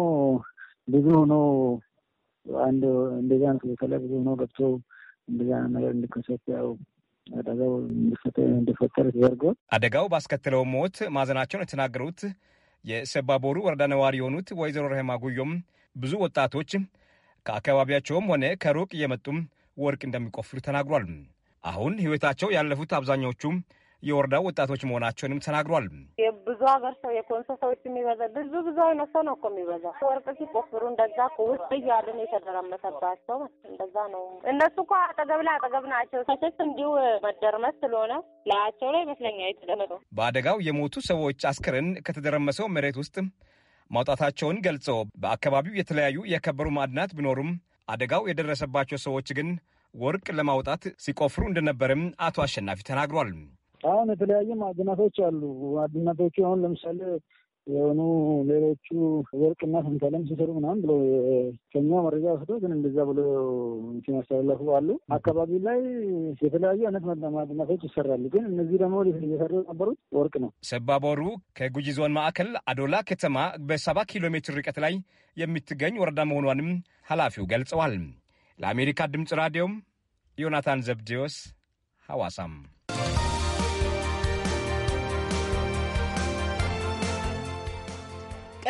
ብዙ ሆኖ አንድ እንደዚህ አይነት ቦታ ላይ ብዙ ሆኖ ገብቶ እንደዚህ አይነት ነገር እንዲከሰት ያው አደጋው እንዲፈጠር ተደርጓል። አደጋው ባስከትለው ሞት ማዘናቸውን የተናገሩት የሰባቦሩ ወረዳ ነዋሪ የሆኑት ወይዘሮ ረህማ ጉዮም ብዙ ወጣቶች ከአካባቢያቸውም ሆነ ከሩቅ እየመጡም ወርቅ እንደሚቆፍሩ ተናግሯል። አሁን ህይወታቸው ያለፉት አብዛኛዎቹም የወረዳው ወጣቶች መሆናቸውንም ተናግሯል። የብዙ ሀገር ሰው የኮንሶ ሰዎች የሚበዛ ብዙ ብዙ አይነት ሰው ነው እኮ የሚበዛ ወርቅ ሲቆፍሩ እንደዛ ውስጥ እያድን የተደረመሰባቸው እንደዛ ነው። እነሱ እኮ አጠገብ ላይ አጠገብ ናቸው። ከስስ እንዲሁ መደርመስ ስለሆነ ላያቸው ላይ ይመስለኛል የተደመጠው። በአደጋው የሞቱ ሰዎች አስክሬን ከተደረመሰው መሬት ውስጥ ማውጣታቸውን ገልጸው በአካባቢው የተለያዩ የከበሩ ማዕድናት ቢኖሩም አደጋው የደረሰባቸው ሰዎች ግን ወርቅ ለማውጣት ሲቆፍሩ እንደነበርም አቶ አሸናፊ ተናግሯል። አሁን የተለያዩ ማዕድናቶች አሉ። ማዕድናቶቹ አሁን ለምሳሌ የሆኑ ሌሎቹ ወርቅና ስንተለም ሲሰሩ ምናምን ብሎ ከኛ መረጃ ወስዶ ግን እንደዛ ብሎ ሲያስተላለፉ አሉ። አካባቢ ላይ የተለያዩ አይነት ማዕድናቶች ይሰራሉ። ግን እነዚህ ደግሞ እየሰሩ የነበሩት ወርቅ ነው። ሰባቦሩ ከጉጂ ዞን ማዕከል አዶላ ከተማ በሰባ ኪሎ ሜትር ርቀት ላይ የምትገኝ ወረዳ መሆኗንም ኃላፊው ገልጸዋል። ለአሜሪካ ድምፅ ራዲዮም ዮናታን ዘብዴዎስ ሐዋሳም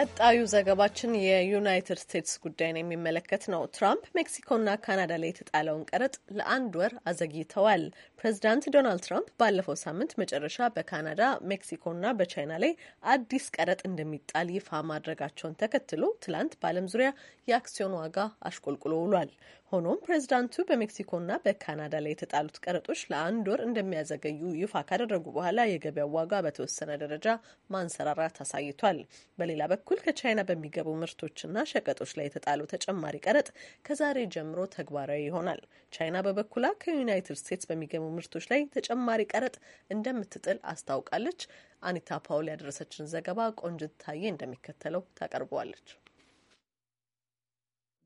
ቀጣዩ ዘገባችን የዩናይትድ ስቴትስ ጉዳይን የሚመለከት ነው። ትራምፕ ሜክሲኮና ካናዳ ላይ የተጣለውን ቀረጥ ለአንድ ወር አዘግይተዋል። ፕሬዚዳንት ዶናልድ ትራምፕ ባለፈው ሳምንት መጨረሻ በካናዳ ሜክሲኮና በቻይና ላይ አዲስ ቀረጥ እንደሚጣል ይፋ ማድረጋቸውን ተከትሎ ትላንት በዓለም ዙሪያ የአክሲዮን ዋጋ አሽቆልቁሎ ውሏል። ሆኖም ፕሬዚዳንቱ በሜክሲኮና በካናዳ ላይ የተጣሉት ቀረጦች ለአንድ ወር እንደሚያዘገዩ ይፋ ካደረጉ በኋላ የገበያው ዋጋ በተወሰነ ደረጃ ማንሰራራት አሳይቷል። በሌላ በኩል ከቻይና በሚገቡ ምርቶችና ሸቀጦች ላይ የተጣለው ተጨማሪ ቀረጥ ከዛሬ ጀምሮ ተግባራዊ ይሆናል። ቻይና በበኩላ ከዩናይትድ ስቴትስ በሚገቡ ምርቶች ላይ ተጨማሪ ቀረጥ እንደምትጥል አስታውቃለች። አኒታ ፓውል ያደረሰችን ዘገባ ቆንጅት ታዬ እንደሚከተለው ታቀርበዋለች።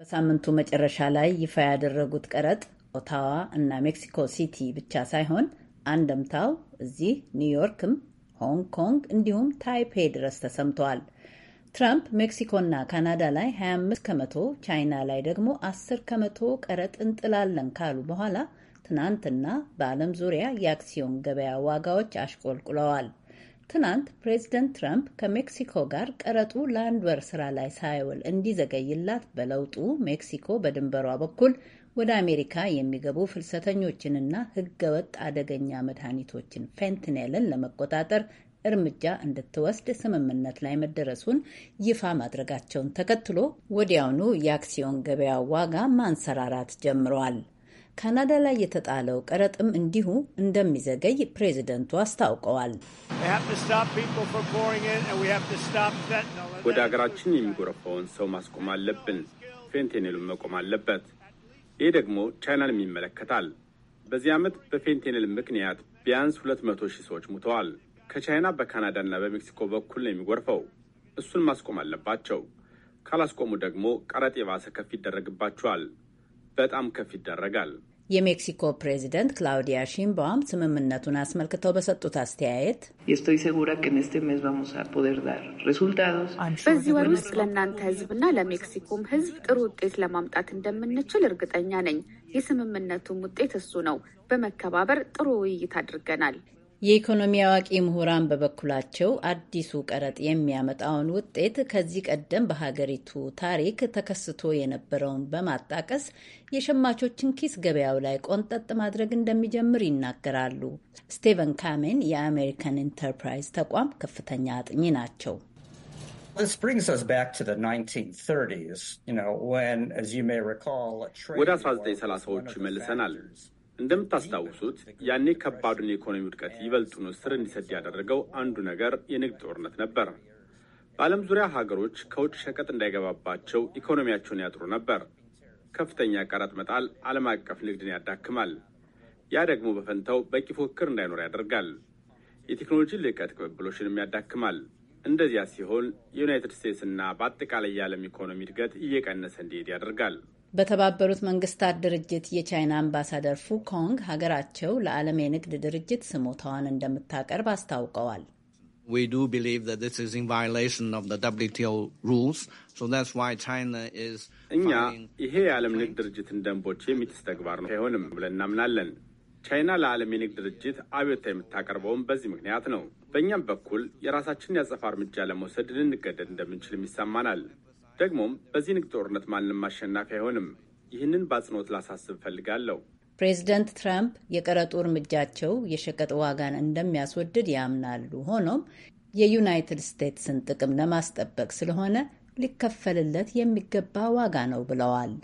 በሳምንቱ መጨረሻ ላይ ይፋ ያደረጉት ቀረጥ ኦታዋ እና ሜክሲኮ ሲቲ ብቻ ሳይሆን አንደምታው እዚህ ኒውዮርክም፣ ሆንግ ኮንግ እንዲሁም ታይፔ ድረስ ተሰምተዋል። ትራምፕ ሜክሲኮና ካናዳ ላይ 25 ከመቶ ቻይና ላይ ደግሞ 10 ከመቶ ቀረጥ እንጥላለን ካሉ በኋላ ትናንትና በዓለም ዙሪያ የአክሲዮን ገበያ ዋጋዎች አሽቆልቁለዋል። ትናንት ፕሬዚደንት ትራምፕ ከሜክሲኮ ጋር ቀረጡ ለአንድ ወር ስራ ላይ ሳይውል እንዲዘገይላት በለውጡ ሜክሲኮ በድንበሯ በኩል ወደ አሜሪካ የሚገቡ ፍልሰተኞችንና ህገወጥ አደገኛ መድኃኒቶችን ፌንትኔልን ለመቆጣጠር እርምጃ እንድትወስድ ስምምነት ላይ መደረሱን ይፋ ማድረጋቸውን ተከትሎ ወዲያውኑ የአክሲዮን ገበያ ዋጋ ማንሰራራት ጀምረዋል። ካናዳ ላይ የተጣለው ቀረጥም እንዲሁ እንደሚዘገይ ፕሬዚደንቱ አስታውቀዋል። ወደ አገራችን የሚጎረፈውን ሰው ማስቆም አለብን። ፌንቴኔሉን መቆም አለበት። ይህ ደግሞ ቻይናንም ይመለከታል። በዚህ ዓመት በፌንቴኔል ምክንያት ቢያንስ ሁለት መቶ ሺህ ሰዎች ሙተዋል። ከቻይና በካናዳና በሜክሲኮ በኩል ነው የሚጎርፈው። እሱን ማስቆም አለባቸው። ካላስቆሙ ደግሞ ቀረጥ የባሰ ከፍ ይደረግባቸዋል። በጣም ከፍ ይደረጋል። የሜክሲኮ ፕሬዚደንት ክላውዲያ ሺምባም ስምምነቱን አስመልክተው በሰጡት አስተያየት በዚህ ወር ውስጥ ለእናንተ ሕዝብና ለሜክሲኮም ሕዝብ ጥሩ ውጤት ለማምጣት እንደምንችል እርግጠኛ ነኝ። የስምምነቱም ውጤት እሱ ነው። በመከባበር ጥሩ ውይይት አድርገናል። የኢኮኖሚ አዋቂ ምሁራን በበኩላቸው አዲሱ ቀረጥ የሚያመጣውን ውጤት ከዚህ ቀደም በሀገሪቱ ታሪክ ተከስቶ የነበረውን በማጣቀስ የሸማቾችን ኪስ ገበያው ላይ ቆንጠጥ ማድረግ እንደሚጀምር ይናገራሉ። ስቴቨን ካሜን የአሜሪካን ኢንተርፕራይዝ ተቋም ከፍተኛ አጥኚ ናቸው። ወደ 1930ዎቹ ይመልሰናል። እንደምታስታውሱት ያኔ ከባዱን የኢኮኖሚ ውድቀት ይበልጡን ስር እንዲሰድ ያደረገው አንዱ ነገር የንግድ ጦርነት ነበር። በዓለም ዙሪያ ሀገሮች ከውጭ ሸቀጥ እንዳይገባባቸው ኢኮኖሚያቸውን ያጥሩ ነበር። ከፍተኛ ቀረጥ መጣል ዓለም አቀፍ ንግድን ያዳክማል። ያ ደግሞ በፈንታው በቂ ፉክክር እንዳይኖር ያደርጋል። የቴክኖሎጂ ልዕቀት ቅብብሎችንም ያዳክማል። እንደዚያ ሲሆን የዩናይትድ ስቴትስና በአጠቃላይ የዓለም ኢኮኖሚ እድገት እየቀነሰ እንዲሄድ ያደርጋል። በተባበሩት መንግስታት ድርጅት የቻይና አምባሳደር ፉኮንግ ሀገራቸው ለዓለም የንግድ ድርጅት ስሞታዋን እንደምታቀርብ አስታውቀዋል። እኛ ይሄ የዓለም ንግድ ድርጅትን ደንቦች የሚጥስ ተግባር ነው አይሆንም ብለን እናምናለን። ቻይና ለዓለም የንግድ ድርጅት አብዮታ የምታቀርበውም በዚህ ምክንያት ነው። በእኛም በኩል የራሳችንን ያጸፋ እርምጃ ለመውሰድ ልንገደድ እንደምንችል ይሰማናል። ደግሞም በዚህ ንግድ ጦርነት ማንም አሸናፊ አይሆንም። ይህንን በአጽንኦት ላሳስብ ፈልጋለሁ ፕሬዚደንት ትራምፕ የቀረጡ እርምጃቸው የሸቀጥ ዋጋን እንደሚያስወድድ ያምናሉ። ሆኖም የዩናይትድ ስቴትስን ጥቅም ለማስጠበቅ ስለሆነ ሊከፈልለት የሚገባ ዋጋ ነው ብለዋል።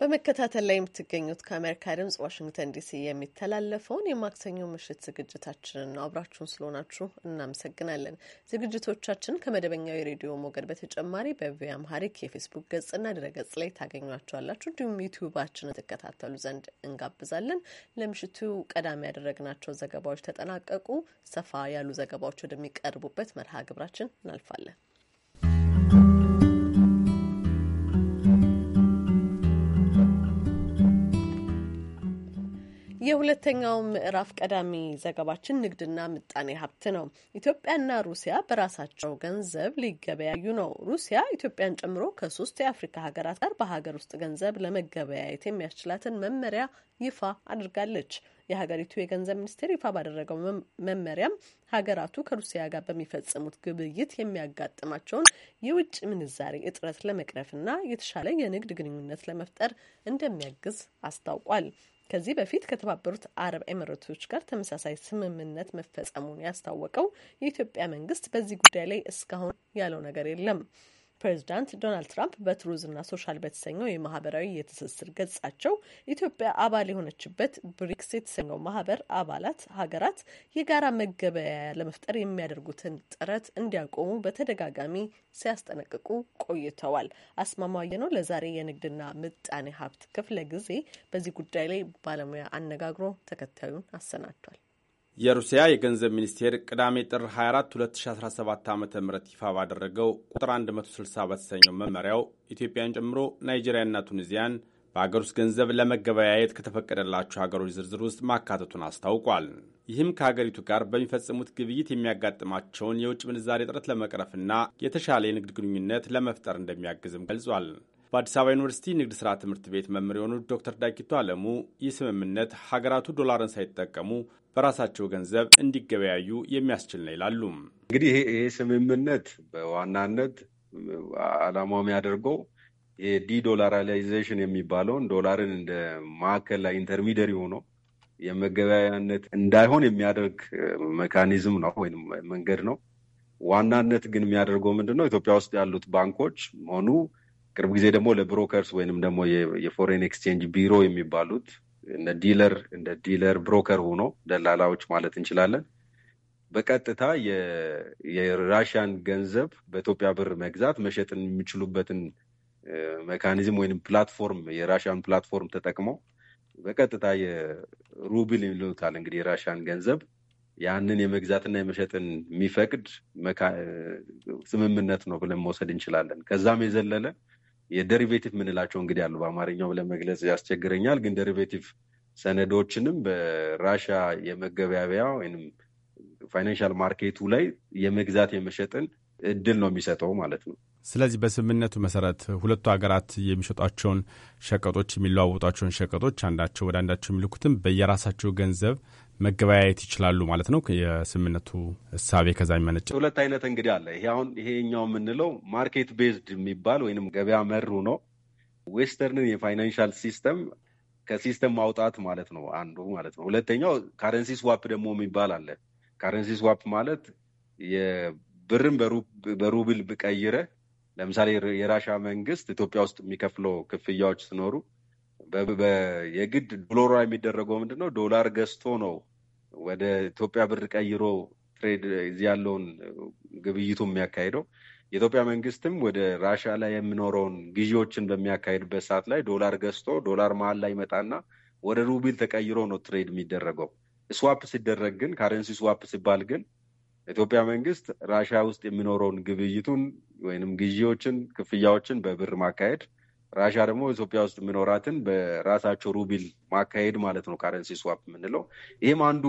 በመከታተል ላይ የምትገኙት ከአሜሪካ ድምጽ ዋሽንግተን ዲሲ የሚተላለፈውን የማክሰኞ ምሽት ዝግጅታችንን ነው። አብራችሁን ስለሆናችሁ እናመሰግናለን። ዝግጅቶቻችን ከመደበኛው የሬዲዮ ሞገድ በተጨማሪ በቪኦኤ አምሃሪክ የፌስቡክ ገጽና ድረገጽ ላይ ታገኟቸዋላችሁ። እንዲሁም ዩቲዩባችንን ትከታተሉ ዘንድ እንጋብዛለን። ለምሽቱ ቀዳሚ ያደረግናቸው ዘገባዎች ተጠናቀቁ። ሰፋ ያሉ ዘገባዎች ወደሚቀርቡበት መርሃ ግብራችን እናልፋለን። የሁለተኛው ምዕራፍ ቀዳሚ ዘገባችን ንግድና ምጣኔ ሀብት ነው። ኢትዮጵያና ሩሲያ በራሳቸው ገንዘብ ሊገበያዩ ነው። ሩሲያ ኢትዮጵያን ጨምሮ ከሶስት የአፍሪካ ሀገራት ጋር በሀገር ውስጥ ገንዘብ ለመገበያየት የሚያስችላትን መመሪያ ይፋ አድርጋለች። የሀገሪቱ የገንዘብ ሚኒስቴር ይፋ ባደረገው መመሪያም ሀገራቱ ከሩሲያ ጋር በሚፈጽሙት ግብይት የሚያጋጥማቸውን የውጭ ምንዛሬ እጥረት ለመቅረፍና የተሻለ የንግድ ግንኙነት ለመፍጠር እንደሚያግዝ አስታውቋል። ከዚህ በፊት ከተባበሩት አረብ ኤምሬቶች ጋር ተመሳሳይ ስምምነት መፈጸሙን ያስታወቀው የኢትዮጵያ መንግስት በዚህ ጉዳይ ላይ እስካሁን ያለው ነገር የለም። ፕሬዚዳንት ዶናልድ ትራምፕ በትሩዝና ሶሻል በተሰኘው የማህበራዊ የትስስር ገጻቸው ኢትዮጵያ አባል የሆነችበት ብሪክስ የተሰኘው ማህበር አባላት ሀገራት የጋራ መገበያያ ለመፍጠር የሚያደርጉትን ጥረት እንዲያቆሙ በተደጋጋሚ ሲያስጠነቅቁ ቆይተዋል። አስማማየ ነው ለዛሬ የንግድና ምጣኔ ሀብት ክፍለ ጊዜ በዚህ ጉዳይ ላይ ባለሙያ አነጋግሮ ተከታዩን አሰናድቷል። የሩሲያ የገንዘብ ሚኒስቴር ቅዳሜ ጥር 24 2017 ዓ ም ይፋ ባደረገው ቁጥር 160 በተሰኘው መመሪያው ኢትዮጵያን ጨምሮ ናይጄሪያና ቱኒዚያን በአገር ውስጥ ገንዘብ ለመገበያየት ከተፈቀደላቸው ሀገሮች ዝርዝር ውስጥ ማካተቱን አስታውቋል። ይህም ከሀገሪቱ ጋር በሚፈጽሙት ግብይት የሚያጋጥማቸውን የውጭ ምንዛሬ እጥረት ለመቅረፍና የተሻለ የንግድ ግንኙነት ለመፍጠር እንደሚያግዝም ገልጿል። በአዲስ አበባ ዩኒቨርሲቲ ንግድ ሥራ ትምህርት ቤት መምህር የሆኑት ዶክተር ዳኪቶ አለሙ ይህ ስምምነት ሀገራቱ ዶላርን ሳይጠቀሙ በራሳቸው ገንዘብ እንዲገበያዩ የሚያስችል ነው ይላሉ። እንግዲህ ይሄ ስምምነት በዋናነት ዓላማው የሚያደርገው የዲዶላራላይዜሽን የሚባለውን ዶላርን እንደ ማዕከል ላይ ኢንተርሚደሪ ሆኖ የመገበያያነት እንዳይሆን የሚያደርግ ሜካኒዝም ነው ወይም መንገድ ነው። ዋናነት ግን የሚያደርገው ምንድን ነው? ኢትዮጵያ ውስጥ ያሉት ባንኮች ሆኑ ቅርብ ጊዜ ደግሞ ለብሮከርስ ወይንም ደግሞ የፎሬን ኤክስቼንጅ ቢሮ የሚባሉት እንደ ዲለር እንደ ዲለር ብሮከር ሆኖ ደላላዎች ማለት እንችላለን በቀጥታ የራሽያን ገንዘብ በኢትዮጵያ ብር መግዛት መሸጥን የሚችሉበትን መካኒዝም ወይም ፕላትፎርም የራሽያን ፕላትፎርም ተጠቅመው በቀጥታ የሩብል ይሉታል እንግዲህ የራሽያን ገንዘብ ያንን የመግዛትና የመሸጥን የሚፈቅድ ስምምነት ነው ብለን መውሰድ እንችላለን። ከዛም የዘለለ የደሪቬቲቭ ምንላቸው እንግዲህ አሉ በአማርኛው ለመግለጽ ያስቸግረኛል። ግን ደሪቬቲቭ ሰነዶችንም በራሻ የመገበያበያ ወይም ፋይናንሻል ማርኬቱ ላይ የመግዛት የመሸጥን እድል ነው የሚሰጠው ማለት ነው። ስለዚህ በስምምነቱ መሰረት ሁለቱ ሀገራት የሚሸጧቸውን ሸቀጦች፣ የሚለዋወጧቸውን ሸቀጦች አንዳቸው ወደ አንዳቸው የሚልኩትም በየራሳቸው ገንዘብ መገበያየት ይችላሉ ማለት ነው። የስምምነቱ እሳቤ ከዛ የሚመነጭ ሁለት አይነት እንግዲህ አለ። ይሄ አሁን ይሄኛው የምንለው ማርኬት ቤዝድ የሚባል ወይንም ገበያ መሩ ነው። ዌስተርንን የፋይናንሻል ሲስተም ከሲስተም ማውጣት ማለት ነው አንዱ ማለት ነው። ሁለተኛው ካረንሲ ስዋፕ ደግሞ የሚባል አለ። ካረንሲ ስዋፕ ማለት የብርን በሩብል ብቀይረ ለምሳሌ የራሻ መንግስት ኢትዮጵያ ውስጥ የሚከፍለው ክፍያዎች ሲኖሩ የግድ ዶላሯ የሚደረገው ምንድነው? ዶላር ገዝቶ ነው ወደ ኢትዮጵያ ብር ቀይሮ ትሬድ እዚህ ያለውን ግብይቱ የሚያካሄደው የኢትዮጵያ መንግስትም ወደ ራሻ ላይ የሚኖረውን ግዢዎችን በሚያካሄድበት ሰዓት ላይ ዶላር ገዝቶ ዶላር መሀል ላይ ይመጣና ወደ ሩቢል ተቀይሮ ነው ትሬድ የሚደረገው። ስዋፕ ሲደረግ ግን ካረንሲ ስዋፕ ሲባል ግን ኢትዮጵያ መንግስት ራሻ ውስጥ የሚኖረውን ግብይቱን ወይንም ግዢዎችን፣ ክፍያዎችን በብር ማካሄድ ራሻ ደግሞ ኢትዮጵያ ውስጥ የሚኖራትን በራሳቸው ሩብል ማካሄድ ማለት ነው ካረንሲ ስዋፕ የምንለው። ይህም አንዱ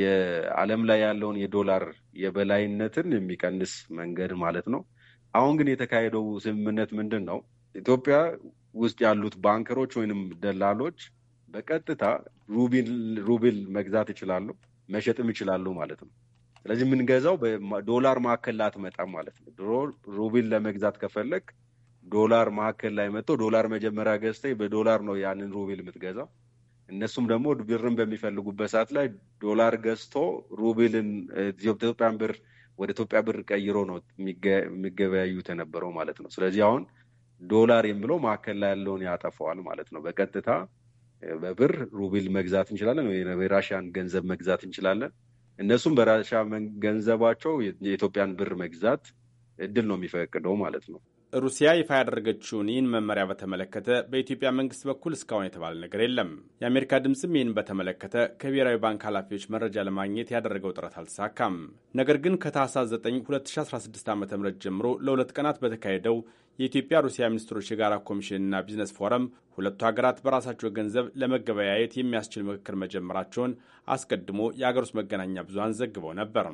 የዓለም ላይ ያለውን የዶላር የበላይነትን የሚቀንስ መንገድ ማለት ነው። አሁን ግን የተካሄደው ስምምነት ምንድን ነው? ኢትዮጵያ ውስጥ ያሉት ባንከሮች ወይንም ደላሎች በቀጥታ ሩብል መግዛት ይችላሉ፣ መሸጥም ይችላሉ ማለት ነው። ስለዚህ የምንገዛው በዶላር ማዕከል ላትመጣም ማለት ነው። ድሮ ሩብል ለመግዛት ከፈለግ ዶላር መካከል ላይ መጥቶ ዶላር መጀመሪያ ገዝተኝ በዶላር ነው ያንን ሩብል የምትገዛው። እነሱም ደግሞ ብርን በሚፈልጉበት ሰዓት ላይ ዶላር ገዝቶ ሩብልን ኢትዮጵያን ብር ወደ ኢትዮጵያ ብር ቀይሮ ነው የሚገበያዩት የነበረው ማለት ነው። ስለዚህ አሁን ዶላር የምለው መካከል ላይ ያለውን ያጠፈዋል ማለት ነው። በቀጥታ በብር ሩብል መግዛት እንችላለን ወይ የራሽያን ገንዘብ መግዛት እንችላለን። እነሱም በራሻ ገንዘባቸው የኢትዮጵያን ብር መግዛት እድል ነው የሚፈቅደው ማለት ነው። ሩሲያ ይፋ ያደረገችውን ይህን መመሪያ በተመለከተ በኢትዮጵያ መንግስት በኩል እስካሁን የተባለ ነገር የለም። የአሜሪካ ድምፅም ይህን በተመለከተ ከብሔራዊ ባንክ ኃላፊዎች መረጃ ለማግኘት ያደረገው ጥረት አልተሳካም። ነገር ግን ከታህሳስ 9 2016 ዓ ም ጀምሮ ለሁለት ቀናት በተካሄደው የኢትዮጵያ ሩሲያ ሚኒስትሮች የጋራ ኮሚሽንና ቢዝነስ ፎረም ሁለቱ ሀገራት በራሳቸው ገንዘብ ለመገበያየት የሚያስችል ምክክር መጀመራቸውን አስቀድሞ የአገር ውስጥ መገናኛ ብዙሃን ዘግበው ነበር።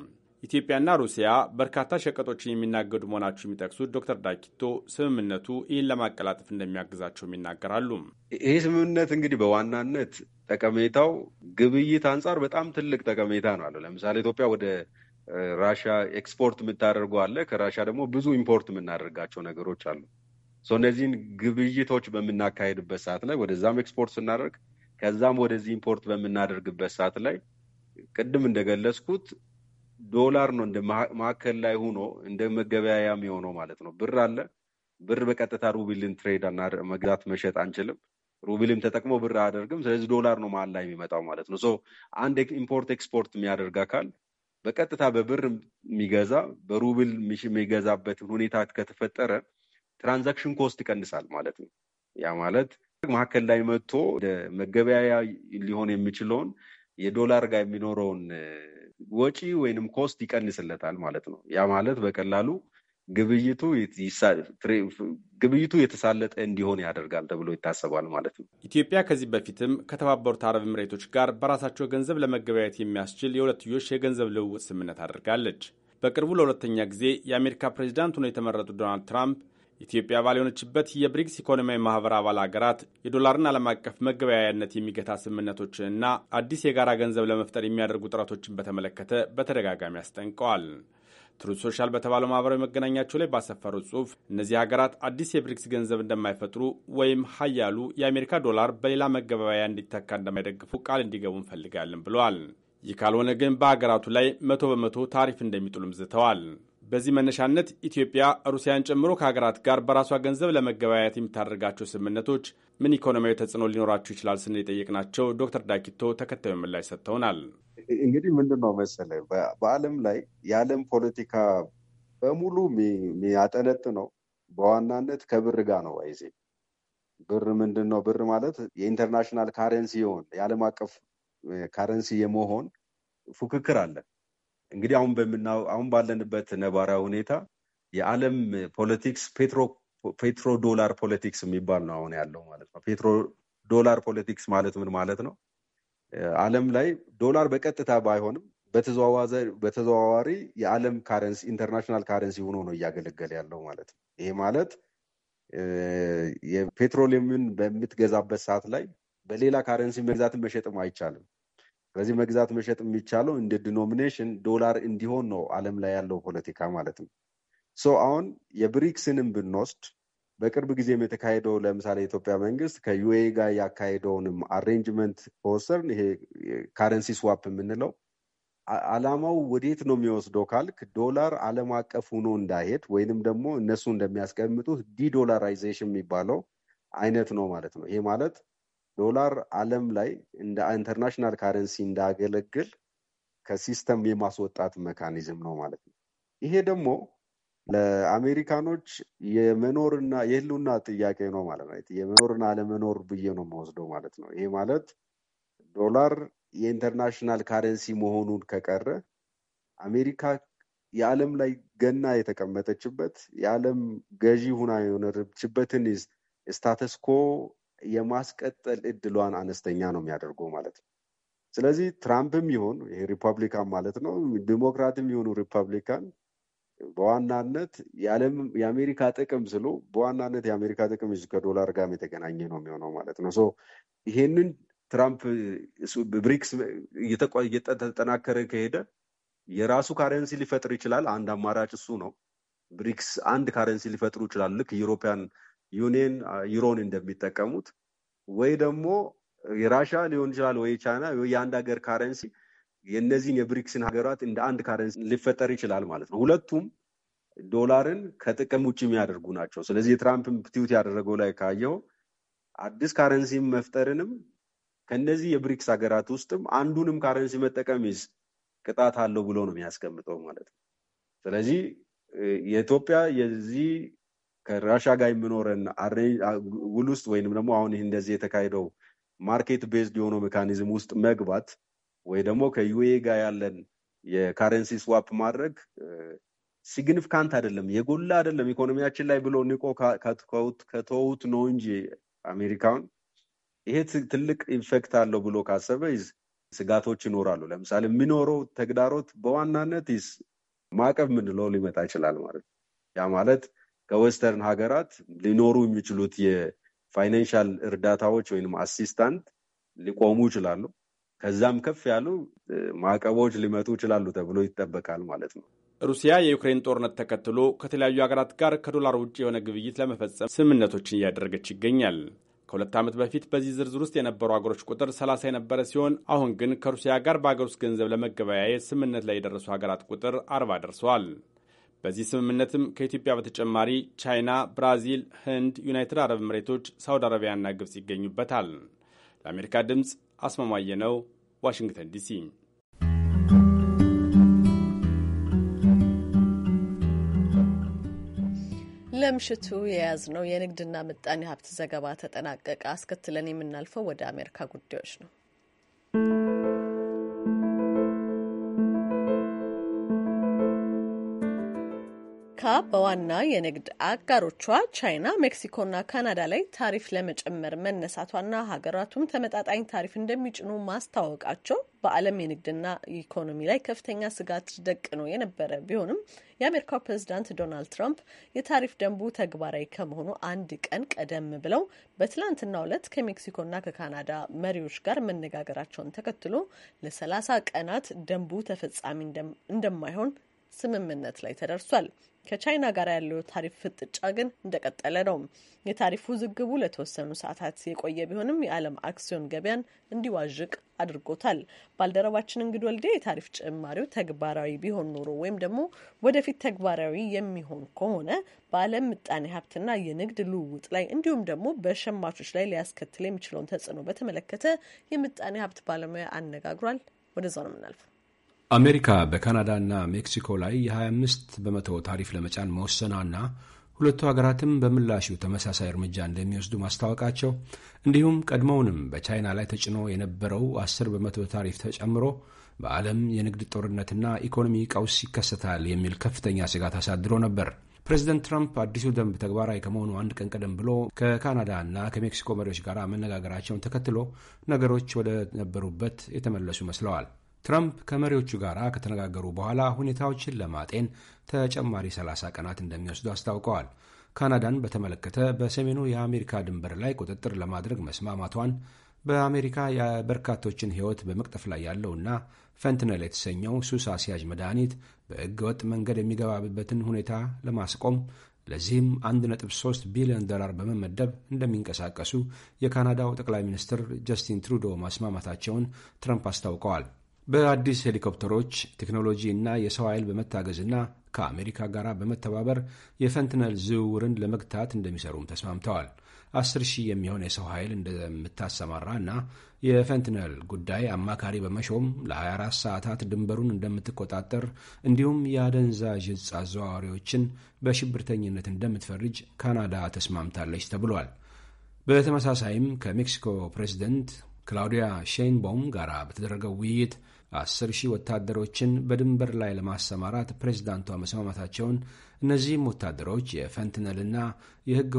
ኢትዮጵያና ሩሲያ በርካታ ሸቀጦችን የሚናገዱ መሆናቸው የሚጠቅሱት ዶክተር ዳኪቶ ስምምነቱ ይህን ለማቀላጠፍ እንደሚያግዛቸውም ይናገራሉ። ይህ ስምምነት እንግዲህ በዋናነት ጠቀሜታው ግብይት አንጻር በጣም ትልቅ ጠቀሜታ ነው አለው። ለምሳሌ ኢትዮጵያ ወደ ራሻ ኤክስፖርት የምታደርገ አለ። ከራሻ ደግሞ ብዙ ኢምፖርት የምናደርጋቸው ነገሮች አሉ። እነዚህን ግብይቶች በምናካሄድበት ሰዓት ላይ ወደዛም ኤክስፖርት ስናደርግ ከዛም ወደዚህ ኢምፖርት በምናደርግበት ሰዓት ላይ ቅድም እንደገለጽኩት ዶላር ነው እንደ ማዕከል ላይ ሆኖ እንደ መገበያያ የሚሆነው ማለት ነው። ብር አለ። ብር በቀጥታ ሩብልን ትሬድ መግዛት መሸጥ አንችልም። ሩብልም ተጠቅሞ ብር አያደርግም። ስለዚህ ዶላር ነው መሀል ላይ የሚመጣው ማለት ነው። አንድ ኢምፖርት ኤክስፖርት የሚያደርግ አካል በቀጥታ በብር የሚገዛ በሩብል የሚገዛበትን ሁኔታ ከተፈጠረ ትራንዛክሽን ኮስት ይቀንሳል ማለት ነው። ያ ማለት መካከል ላይ መጥቶ ወደ መገበያያ ሊሆን የሚችለውን የዶላር ጋር የሚኖረውን ወጪ ወይንም ኮስት ይቀንስለታል ማለት ነው። ያ ማለት በቀላሉ ግብይቱ ግብይቱ የተሳለጠ እንዲሆን ያደርጋል ተብሎ ይታሰባል ማለት ነው። ኢትዮጵያ ከዚህ በፊትም ከተባበሩት አረብ ኤምሬቶች ጋር በራሳቸው ገንዘብ ለመገበያየት የሚያስችል የሁለትዮሽ የገንዘብ ልውውጥ ስምምነት አድርጋለች። በቅርቡ ለሁለተኛ ጊዜ የአሜሪካ ፕሬዚዳንት ሆነው የተመረጡት ዶናልድ ትራምፕ ኢትዮጵያ አባል የሆነችበት የብሪክስ ኢኮኖሚያዊ ማህበር አባል ሀገራት የዶላርን ዓለም አቀፍ መገበያያነት የሚገታ ስምምነቶችንና አዲስ የጋራ ገንዘብ ለመፍጠር የሚያደርጉ ጥረቶችን በተመለከተ በተደጋጋሚ አስጠንቀዋል። ትሩት ሶሻል በተባለው ማህበራዊ መገናኛቸው ላይ ባሰፈሩት ጽሑፍ እነዚህ ሀገራት አዲስ የብሪክስ ገንዘብ እንደማይፈጥሩ ወይም ሀያሉ የአሜሪካ ዶላር በሌላ መገበያያ እንዲተካ እንደማይደግፉ ቃል እንዲገቡ እንፈልጋለን ብለዋል። ይህ ካልሆነ ግን በሀገራቱ ላይ መቶ በመቶ ታሪፍ እንደሚጥሉም ዝተዋል። በዚህ መነሻነት ኢትዮጵያ ሩሲያን ጨምሮ ከሀገራት ጋር በራሷ ገንዘብ ለመገበያየት የምታደርጋቸው ስምምነቶች ምን ኢኮኖሚያዊ ተጽዕኖ ሊኖራቸው ይችላል ስንል የጠየቅናቸው ዶክተር ዳኪቶ ተከታዩ ምላሽ ሰጥተውናል። እንግዲህ ምንድን ነው መሰለ በዓለም ላይ የዓለም ፖለቲካ በሙሉ ነው በዋናነት ከብር ጋር ነው። አይዜ ብር ምንድን ነው? ብር ማለት የኢንተርናሽናል ካረንሲ የሆን የዓለም አቀፍ ካረንሲ የመሆን ፉክክር አለን እንግዲህ አሁን በምና አሁን ባለንበት ነባራዊ ሁኔታ የዓለም ፖለቲክስ ፔትሮ ዶላር ፖለቲክስ የሚባል ነው አሁን ያለው ማለት ነው። ፔትሮ ዶላር ፖለቲክስ ማለት ምን ማለት ነው? ዓለም ላይ ዶላር በቀጥታ ባይሆንም በተዘዋዋሪ የዓለም ካረንሲ ኢንተርናሽናል ካረንሲ ሆኖ ነው እያገለገለ ያለው ማለት ነው። ይሄ ማለት የፔትሮሊየምን በምትገዛበት ሰዓት ላይ በሌላ ካረንሲ መግዛትን መሸጥም አይቻልም። ስለዚህ መግዛት መሸጥ የሚቻለው እንደ ዲኖሚኔሽን ዶላር እንዲሆን ነው አለም ላይ ያለው ፖለቲካ ማለት ነው። ሶ አሁን የብሪክስንም ብንወስድ በቅርብ ጊዜም የተካሄደው ለምሳሌ የኢትዮጵያ መንግስት ከዩኤ ጋር ያካሄደውንም አሬንጅመንት ከወሰድን ይሄ ካረንሲ ስዋፕ የምንለው አላማው ወዴት ነው የሚወስደው ካልክ ዶላር አለም አቀፍ ሆኖ እንዳይሄድ ወይንም ደግሞ እነሱ እንደሚያስቀምጡት ዲዶላራይዜሽን የሚባለው አይነት ነው ማለት ነው። ይሄ ማለት ዶላር ዓለም ላይ እንደ ኢንተርናሽናል ካረንሲ እንዳያገለግል ከሲስተም የማስወጣት መካኒዝም ነው ማለት ነው። ይሄ ደግሞ ለአሜሪካኖች የመኖርና የህልውና ጥያቄ ነው ማለት ነው። የመኖርና አለመኖር ብዬ ነው የምወስደው ማለት ነው። ይሄ ማለት ዶላር የኢንተርናሽናል ካረንሲ መሆኑን ከቀረ አሜሪካ የዓለም ላይ ገና የተቀመጠችበት የዓለም ገዢ ሁና የሆነችበትን ስታተስኮ የማስቀጠል እድሏን አነስተኛ ነው የሚያደርገው ማለት ነው። ስለዚህ ትራምፕም ይሁን ይሄ ሪፐብሊካን ማለት ነው ዲሞክራትም ይሁኑ ሪፐብሊካን በዋናነት የአሜሪካ ጥቅም ስሉ በዋናነት የአሜሪካ ጥቅም ከዶላር ጋር የተገናኘ ነው የሚሆነው ማለት ነው። ይሄንን ትራምፕ ብሪክስ እየተጠናከረ ከሄደ የራሱ ካረንሲ ሊፈጥር ይችላል። አንድ አማራጭ እሱ ነው። ብሪክስ አንድ ካረንሲ ሊፈጥሩ ይችላል። ልክ ዩሮፒያን ዩኔን ዩሮን እንደሚጠቀሙት ወይ ደግሞ የራሻ ሊሆን ይችላል ወይ ቻይና ወይ የአንድ ሀገር ካረንሲ የእነዚህን የብሪክስን ሀገራት እንደ አንድ ካረንሲ ሊፈጠር ይችላል ማለት ነው። ሁለቱም ዶላርን ከጥቅም ውጭ የሚያደርጉ ናቸው። ስለዚህ የትራምፕ ትዊት ያደረገው ላይ ካየው አዲስ ካረንሲ መፍጠርንም ከነዚህ የብሪክስ ሀገራት ውስጥም አንዱንም ካረንሲ መጠቀም ይዝ ቅጣት አለው ብሎ ነው የሚያስቀምጠው ማለት ነው። ስለዚህ የኢትዮጵያ የዚህ ከራሻ ጋር የሚኖረን ውል ውስጥ ወይንም ደግሞ አሁን ይህ እንደዚህ የተካሄደው ማርኬት ቤዝድ የሆነው ሜካኒዝም ውስጥ መግባት ወይ ደግሞ ከዩኤ ጋር ያለን የካረንሲ ስዋፕ ማድረግ ሲግኒፊካንት አይደለም፣ የጎላ አይደለም ኢኮኖሚያችን ላይ ብሎ ንቆ ከተውት ነው እንጂ አሜሪካን ይሄ ትልቅ ኢንፌክት አለው ብሎ ካሰበ ስጋቶች ይኖራሉ። ለምሳሌ የሚኖረው ተግዳሮት በዋናነት ማዕቀብ ምንለው ሊመጣ ይችላል ማለት ያ ማለት ከዌስተርን ሀገራት ሊኖሩ የሚችሉት የፋይናንሻል እርዳታዎች ወይም አሲስታንት ሊቆሙ ይችላሉ። ከዛም ከፍ ያሉ ማዕቀቦች ሊመጡ ይችላሉ ተብሎ ይጠበቃል ማለት ነው። ሩሲያ የዩክሬን ጦርነት ተከትሎ ከተለያዩ ሀገራት ጋር ከዶላር ውጭ የሆነ ግብይት ለመፈጸም ስምምነቶችን እያደረገች ይገኛል። ከሁለት ዓመት በፊት በዚህ ዝርዝር ውስጥ የነበሩ ሀገሮች ቁጥር 30 የነበረ ሲሆን አሁን ግን ከሩሲያ ጋር በአገር ውስጥ ገንዘብ ለመገበያየት ስምምነት ላይ የደረሱ ሀገራት ቁጥር አርባ ደርሰዋል። በዚህ ስምምነትም ከኢትዮጵያ በተጨማሪ ቻይና፣ ብራዚል፣ ህንድ፣ ዩናይትድ አረብ ኤምሬቶች፣ ሳውዲ አረቢያና ግብፅ ይገኙበታል። ለአሜሪካ ድምፅ አስማማየ ነው፣ ዋሽንግተን ዲሲ። ለምሽቱ የያዝነው የንግድና ምጣኔ ሀብት ዘገባ ተጠናቀቀ። አስከትለን የምናልፈው ወደ አሜሪካ ጉዳዮች ነው። በዋና የንግድ አጋሮቿ ቻይና፣ ሜክሲኮና ካናዳ ላይ ታሪፍ ለመጨመር መነሳቷና ሀገራቱም ተመጣጣኝ ታሪፍ እንደሚጭኑ ማስታወቃቸው በዓለም የንግድና ኢኮኖሚ ላይ ከፍተኛ ስጋት ደቅኖ የነበረ ቢሆንም የአሜሪካው ፕሬዚዳንት ዶናልድ ትራምፕ የታሪፍ ደንቡ ተግባራዊ ከመሆኑ አንድ ቀን ቀደም ብለው በትላንትናው ዕለት ከሜክሲኮና ከካናዳ መሪዎች ጋር መነጋገራቸውን ተከትሎ ለሰላሳ ቀናት ደንቡ ተፈጻሚ እንደማይሆን ስምምነት ላይ ተደርሷል። ከቻይና ጋር ያለው ታሪፍ ፍጥጫ ግን እንደቀጠለ ነው። የታሪፍ ውዝግቡ ለተወሰኑ ሰዓታት የቆየ ቢሆንም የዓለም አክሲዮን ገበያን እንዲዋዥቅ አድርጎታል። ባልደረባችን እንግድ ወልዴ የታሪፍ ጭማሪው ተግባራዊ ቢሆን ኖሮ ወይም ደግሞ ወደፊት ተግባራዊ የሚሆን ከሆነ በዓለም ምጣኔ ሀብትና የንግድ ልውውጥ ላይ እንዲሁም ደግሞ በሸማቾች ላይ ሊያስከትል የሚችለውን ተጽዕኖ በተመለከተ የምጣኔ ሀብት ባለሙያ አነጋግሯል። ወደዛ ነው የምናልፈው። አሜሪካ በካናዳ ና ሜክሲኮ ላይ የ25 በመቶ ታሪፍ ለመጫን መወሰኗና ሁለቱ ሀገራትም በምላሹ ተመሳሳይ እርምጃ እንደሚወስዱ ማስታወቃቸው እንዲሁም ቀድሞውንም በቻይና ላይ ተጭኖ የነበረው 10 በመቶ ታሪፍ ተጨምሮ በዓለም የንግድ ጦርነትና ኢኮኖሚ ቀውስ ይከሰታል የሚል ከፍተኛ ስጋት አሳድሮ ነበር። ፕሬዚደንት ትራምፕ አዲሱ ደንብ ተግባራዊ ከመሆኑ አንድ ቀን ቀደም ብሎ ከካናዳ እና ከሜክሲኮ መሪዎች ጋር መነጋገራቸውን ተከትሎ ነገሮች ወደ ነበሩበት የተመለሱ መስለዋል። ትራምፕ ከመሪዎቹ ጋር ከተነጋገሩ በኋላ ሁኔታዎችን ለማጤን ተጨማሪ 30 ቀናት እንደሚወስዱ አስታውቀዋል። ካናዳን በተመለከተ በሰሜኑ የአሜሪካ ድንበር ላይ ቁጥጥር ለማድረግ መስማማቷን በአሜሪካ የበርካቶችን ሕይወት በመቅጠፍ ላይ ያለውና ፈንትነል የተሰኘው ሱስ አስያዥ መድኃኒት በህገወጥ መንገድ የሚገባበትን ሁኔታ ለማስቆም ለዚህም 1.3 ቢሊዮን ዶላር በመመደብ እንደሚንቀሳቀሱ የካናዳው ጠቅላይ ሚኒስትር ጀስቲን ትሩዶ ማስማማታቸውን ትራምፕ አስታውቀዋል። በአዲስ ሄሊኮፕተሮች ቴክኖሎጂ እና የሰው ኃይል በመታገዝና ከአሜሪካ ጋር በመተባበር የፈንትነል ዝውውርን ለመግታት እንደሚሰሩም ተስማምተዋል። አስር ሺህ የሚሆን የሰው ኃይል እንደምታሰማራ እና የፈንትነል ጉዳይ አማካሪ በመሾም ለ24 ሰዓታት ድንበሩን እንደምትቆጣጠር እንዲሁም የአደንዛዥ ዕፅ አዘዋዋሪዎችን በሽብርተኝነት እንደምትፈርጅ ካናዳ ተስማምታለች ተብሏል። በተመሳሳይም ከሜክሲኮ ፕሬዚደንት ክላውዲያ ሼንቦም ጋር በተደረገው ውይይት አስር ሺህ ወታደሮችን በድንበር ላይ ለማሰማራት ፕሬዚዳንቷ መስማማታቸውን እነዚህም ወታደሮች የፈንትነልና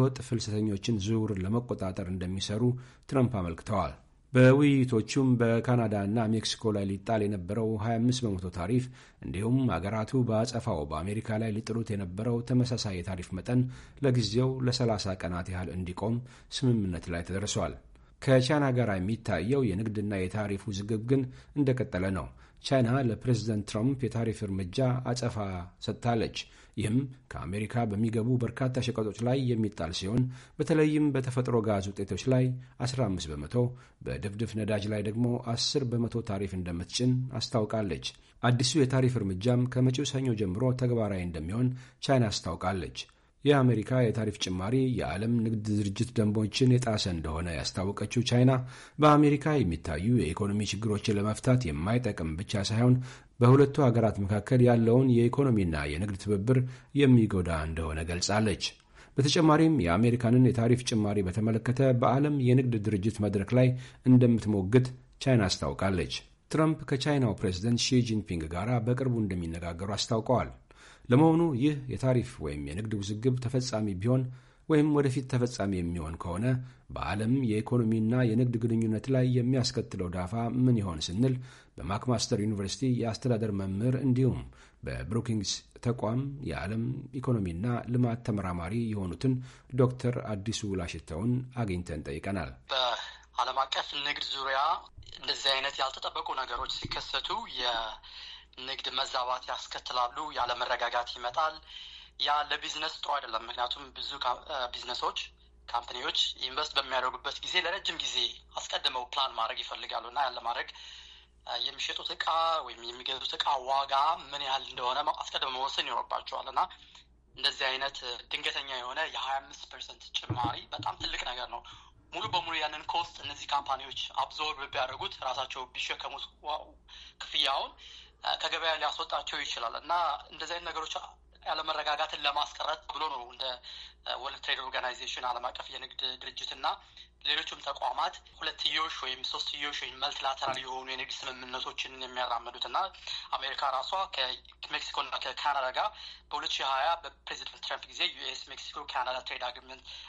ወጥ ፍልሰተኞችን ዝውውርን ለመቆጣጠር እንደሚሰሩ ትረምፕ አመልክተዋል። በውይይቶቹም በካናዳና ሜክሲኮ ላይ ሊጣል የነበረው 25 በመቶ ታሪፍ እንዲሁም አገራቱ በአጸፋው በአሜሪካ ላይ ሊጥሉት የነበረው ተመሳሳይ የታሪፍ መጠን ለጊዜው ለ30 ቀናት ያህል እንዲቆም ስምምነት ላይ ተደርሷል። ከቻይና ጋር የሚታየው የንግድና የታሪፍ ውዝግብ ግን እንደቀጠለ ነው። ቻይና ለፕሬዝደንት ትራምፕ የታሪፍ እርምጃ አጸፋ ሰጥታለች። ይህም ከአሜሪካ በሚገቡ በርካታ ሸቀጦች ላይ የሚጣል ሲሆን በተለይም በተፈጥሮ ጋዝ ውጤቶች ላይ 15 በመቶ፣ በድፍድፍ ነዳጅ ላይ ደግሞ 10 በመቶ ታሪፍ እንደምትጭን አስታውቃለች። አዲሱ የታሪፍ እርምጃም ከመጪው ሰኞ ጀምሮ ተግባራዊ እንደሚሆን ቻይና አስታውቃለች። የአሜሪካ የታሪፍ ጭማሪ የዓለም ንግድ ድርጅት ደንቦችን የጣሰ እንደሆነ ያስታወቀችው ቻይና በአሜሪካ የሚታዩ የኢኮኖሚ ችግሮችን ለመፍታት የማይጠቅም ብቻ ሳይሆን በሁለቱ ሀገራት መካከል ያለውን የኢኮኖሚና የንግድ ትብብር የሚጎዳ እንደሆነ ገልጻለች። በተጨማሪም የአሜሪካንን የታሪፍ ጭማሪ በተመለከተ በዓለም የንግድ ድርጅት መድረክ ላይ እንደምትሞግት ቻይና አስታውቃለች። ትራምፕ ከቻይናው ፕሬዝደንት ሺ ጂንፒንግ ጋር በቅርቡ እንደሚነጋገሩ አስታውቀዋል። ለመሆኑ ይህ የታሪፍ ወይም የንግድ ውዝግብ ተፈጻሚ ቢሆን ወይም ወደፊት ተፈጻሚ የሚሆን ከሆነ በዓለም የኢኮኖሚና የንግድ ግንኙነት ላይ የሚያስከትለው ዳፋ ምን ይሆን ስንል በማክማስተር ዩኒቨርሲቲ የአስተዳደር መምህር እንዲሁም በብሩኪንግስ ተቋም የዓለም ኢኮኖሚና ልማት ተመራማሪ የሆኑትን ዶክተር አዲሱ ላሽተውን አግኝተን ጠይቀናል። በዓለም አቀፍ ንግድ ዙሪያ እንደዚህ አይነት ያልተጠበቁ ነገሮች ሲከሰቱ ንግድ መዛባት ያስከትላሉ፣ ያለመረጋጋት ይመጣል። ያ ለቢዝነስ ጥሩ አይደለም። ምክንያቱም ብዙ ቢዝነሶች ካምፕኒዎች ኢንቨስት በሚያደርጉበት ጊዜ ለረጅም ጊዜ አስቀድመው ፕላን ማድረግ ይፈልጋሉ እና ያን ለማድረግ የሚሸጡት እቃ ወይም የሚገዙት እቃ ዋጋ ምን ያህል እንደሆነ አስቀድመው መወሰን ይኖርባቸዋል እና እንደዚህ አይነት ድንገተኛ የሆነ የሀያ አምስት ፐርሰንት ጭማሪ በጣም ትልቅ ነገር ነው። ሙሉ በሙሉ ያንን ኮስት እነዚህ ካምፓኒዎች አብዞርብ ቢያደርጉት ራሳቸው ቢሸከሙት ክፍያውን ከገበያ ሊያስወጣቸው ይችላል እና እንደዚህ አይነት ነገሮች ያለመረጋጋትን ለማስቀረት ብሎ ነው እንደ ወርልድ ትሬድ ኦርጋናይዜሽን ዓለም አቀፍ የንግድ ድርጅት እና ሌሎችም ተቋማት ሁለትዮሽ ወይም ሶስትዮሽ ወይም መልቲላተራል የሆኑ የንግድ ስምምነቶችን የሚያራምዱት እና አሜሪካ ራሷ ከሜክሲኮ እና ከካናዳ ጋር በሁለት ሺህ ሀያ በፕሬዚደንት ትራምፕ ጊዜ ዩኤስ ሜክሲኮ ካናዳ ትሬድ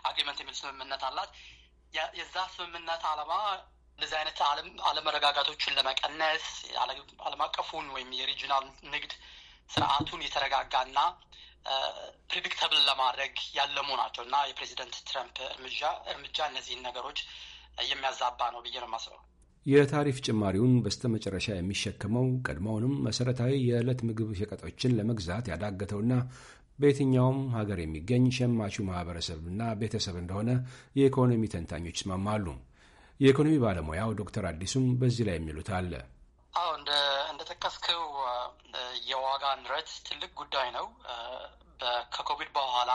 አግሪመንት የሚል ስምምነት አላት። የዛ ስምምነት ዓላማ እንደዚህ አይነት አለመረጋጋቶችን ለመቀነስ ዓለም አቀፉን ወይም የሪጂናል ንግድ ስርዓቱን የተረጋጋና ፕሪዲክተብል ለማድረግ ያለሙ ናቸው እና የፕሬዚደንት ትረምፕ እርምጃ እርምጃ እነዚህን ነገሮች የሚያዛባ ነው ብዬ ነው ማስበው። የታሪፍ ጭማሪውን በስተመጨረሻ የሚሸከመው ቀድሞውንም መሰረታዊ የዕለት ምግብ ሸቀጦችን ለመግዛት ያዳገተውና በየትኛውም ሀገር የሚገኝ ሸማቹ ማህበረሰብና ቤተሰብ እንደሆነ የኢኮኖሚ ተንታኞች ይስማማሉ። የኢኮኖሚ ባለሙያው ዶክተር አዲሱም በዚህ ላይ የሚሉት አለ። አዎ እንደጠቀስከው የዋጋ ንረት ትልቅ ጉዳይ ነው። ከኮቪድ በኋላ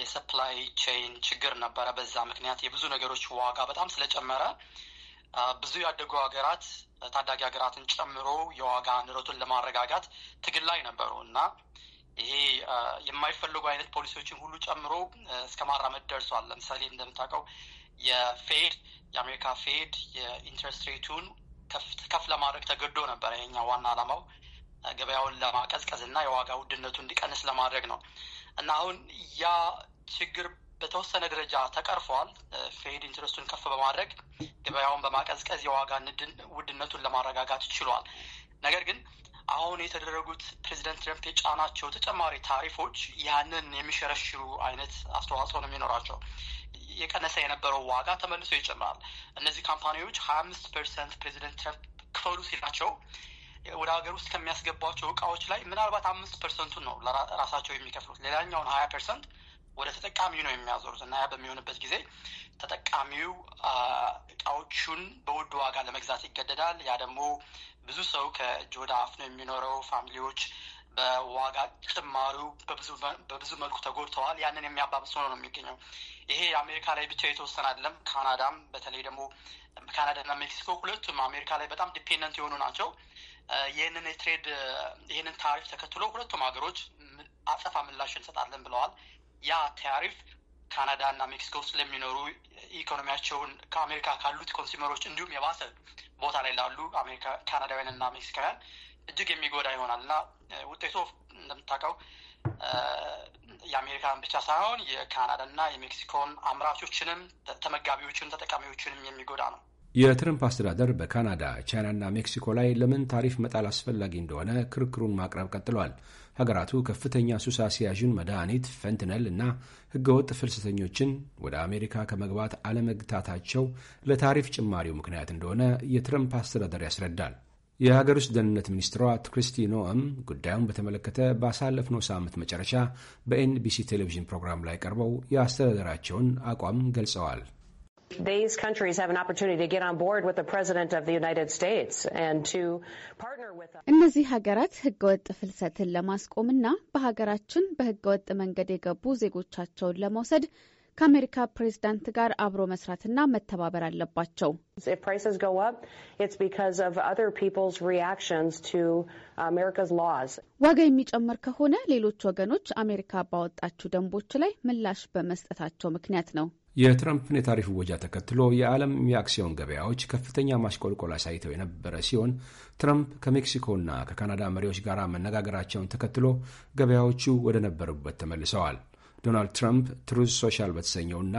የሰፕላይ ቼን ችግር ነበረ። በዛ ምክንያት የብዙ ነገሮች ዋጋ በጣም ስለጨመረ ብዙ ያደጉ ሀገራት ታዳጊ ሀገራትን ጨምሮ የዋጋ ንረቱን ለማረጋጋት ትግል ላይ ነበሩ እና ይሄ የማይፈልጉ አይነት ፖሊሲዎችን ሁሉ ጨምሮ እስከ ማራመድ ደርሷል። ለምሳሌ እንደምታውቀው የፌድ የአሜሪካ ፌድ የኢንትረስት ሬቱን ከፍ ለማድረግ ተገዶ ነበር። ይሄኛ ዋና አላማው ገበያውን ለማቀዝቀዝ እና የዋጋ ውድነቱ እንዲቀንስ ለማድረግ ነው እና አሁን ያ ችግር በተወሰነ ደረጃ ተቀርፏል። ፌድ ኢንትረስቱን ከፍ በማድረግ ገበያውን በማቀዝቀዝ የዋጋ ውድነቱን ለማረጋጋት ችሏል። ነገር ግን አሁን የተደረጉት ፕሬዚደንት ትረምፕ የጫናቸው ተጨማሪ ታሪፎች ያንን የሚሸረሽሩ አይነት አስተዋጽኦ ነው የሚኖራቸው። የቀነሰ የነበረው ዋጋ ተመልሶ ይጨምራል። እነዚህ ካምፓኒዎች ሀያ አምስት ፐርሰንት ፕሬዚደንት ትራምፕ ክፈሉ ሲላቸው ወደ ሀገር ውስጥ ከሚያስገቧቸው እቃዎች ላይ ምናልባት አምስት ፐርሰንቱን ነው ራሳቸው የሚከፍሉት። ሌላኛውን ሀያ ፐርሰንት ወደ ተጠቃሚው ነው የሚያዞሩት እና ያ በሚሆንበት ጊዜ ተጠቃሚው እቃዎቹን በውድ ዋጋ ለመግዛት ይገደዳል። ያ ደግሞ ብዙ ሰው ከእጅ ወደ አፍ ነው የሚኖረው። ፋሚሊዎች በዋጋ ጭማሪው በብዙ መልኩ ተጎድተዋል። ያንን የሚያባብስ ሆኖ ነው የሚገኘው። ይሄ አሜሪካ ላይ ብቻ የተወሰነ አይደለም። ካናዳም በተለይ ደግሞ ካናዳና ሜክሲኮ ሁለቱም አሜሪካ ላይ በጣም ዲፔንደንት የሆኑ ናቸው። ይህንን የትሬድ ይህንን ታሪፍ ተከትሎ ሁለቱም ሀገሮች አጸፋ ምላሽ እንሰጣለን ብለዋል። ያ ታሪፍ ካናዳ እና ሜክሲኮ ውስጥ ለሚኖሩ ኢኮኖሚያቸውን ከአሜሪካ ካሉት ኮንሱመሮች እንዲሁም የባሰ ቦታ ላይ ላሉ ካናዳውያን እና ሜክሲካውያን እጅግ የሚጎዳ ይሆናል እና ውጤቱ እንደምታውቀው የአሜሪካን ብቻ ሳይሆን የካናዳና የሜክሲኮን አምራቾችንም ተመጋቢዎችን ተጠቃሚዎችንም የሚጎዳ ነው። የትረምፕ አስተዳደር በካናዳ ቻይና እና ሜክሲኮ ላይ ለምን ታሪፍ መጣል አስፈላጊ እንደሆነ ክርክሩን ማቅረብ ቀጥሏል። ሀገራቱ ከፍተኛ ሱስ አስያዥን መድኃኒት ፈንትነል እና ህገወጥ ፍልሰተኞችን ወደ አሜሪካ ከመግባት አለመግታታቸው ለታሪፍ ጭማሪው ምክንያት እንደሆነ የትረምፕ አስተዳደር ያስረዳል። የሀገር ውስጥ ደህንነት ሚኒስትሯ ክሪስቲ ኖም ጉዳዩን በተመለከተ ባሳለፍነው ሳምንት መጨረሻ በኤንቢሲ ቴሌቪዥን ፕሮግራም ላይ ቀርበው የአስተዳደራቸውን አቋም ገልጸዋል። እነዚህ ሀገራት ህገወጥ ፍልሰትን ለማስቆምና በሀገራችን በህገወጥ መንገድ የገቡ ዜጎቻቸውን ለመውሰድ ከአሜሪካ ፕሬዝዳንት ጋር አብሮ መስራትና መተባበር አለባቸው። uh, ዋጋ የሚጨምር ከሆነ ሌሎች ወገኖች አሜሪካ ባወጣችው ደንቦች ላይ ምላሽ በመስጠታቸው ምክንያት ነው። የትራምፕን የታሪፍ ወጃ ተከትሎ የዓለም የአክሲዮን ገበያዎች ከፍተኛ ማሽቆልቆል አሳይተው የነበረ ሲሆን ትራምፕ ከሜክሲኮና ከካናዳ መሪዎች ጋር መነጋገራቸውን ተከትሎ ገበያዎቹ ወደ ነበሩበት ተመልሰዋል። ዶናልድ ትራምፕ ትሩዝ ሶሻል በተሰኘውና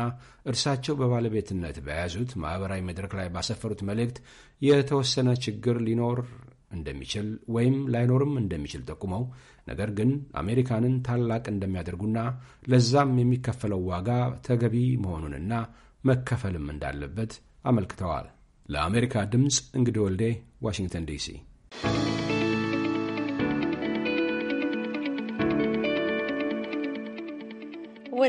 እርሳቸው በባለቤትነት በያዙት ማኅበራዊ መድረክ ላይ ባሰፈሩት መልእክት የተወሰነ ችግር ሊኖር እንደሚችል ወይም ላይኖርም እንደሚችል ጠቁመው ነገር ግን አሜሪካንን ታላቅ እንደሚያደርጉና ለዛም የሚከፈለው ዋጋ ተገቢ መሆኑንና መከፈልም እንዳለበት አመልክተዋል። ለአሜሪካ ድምፅ እንግዲህ ወልዴ ዋሽንግተን ዲሲ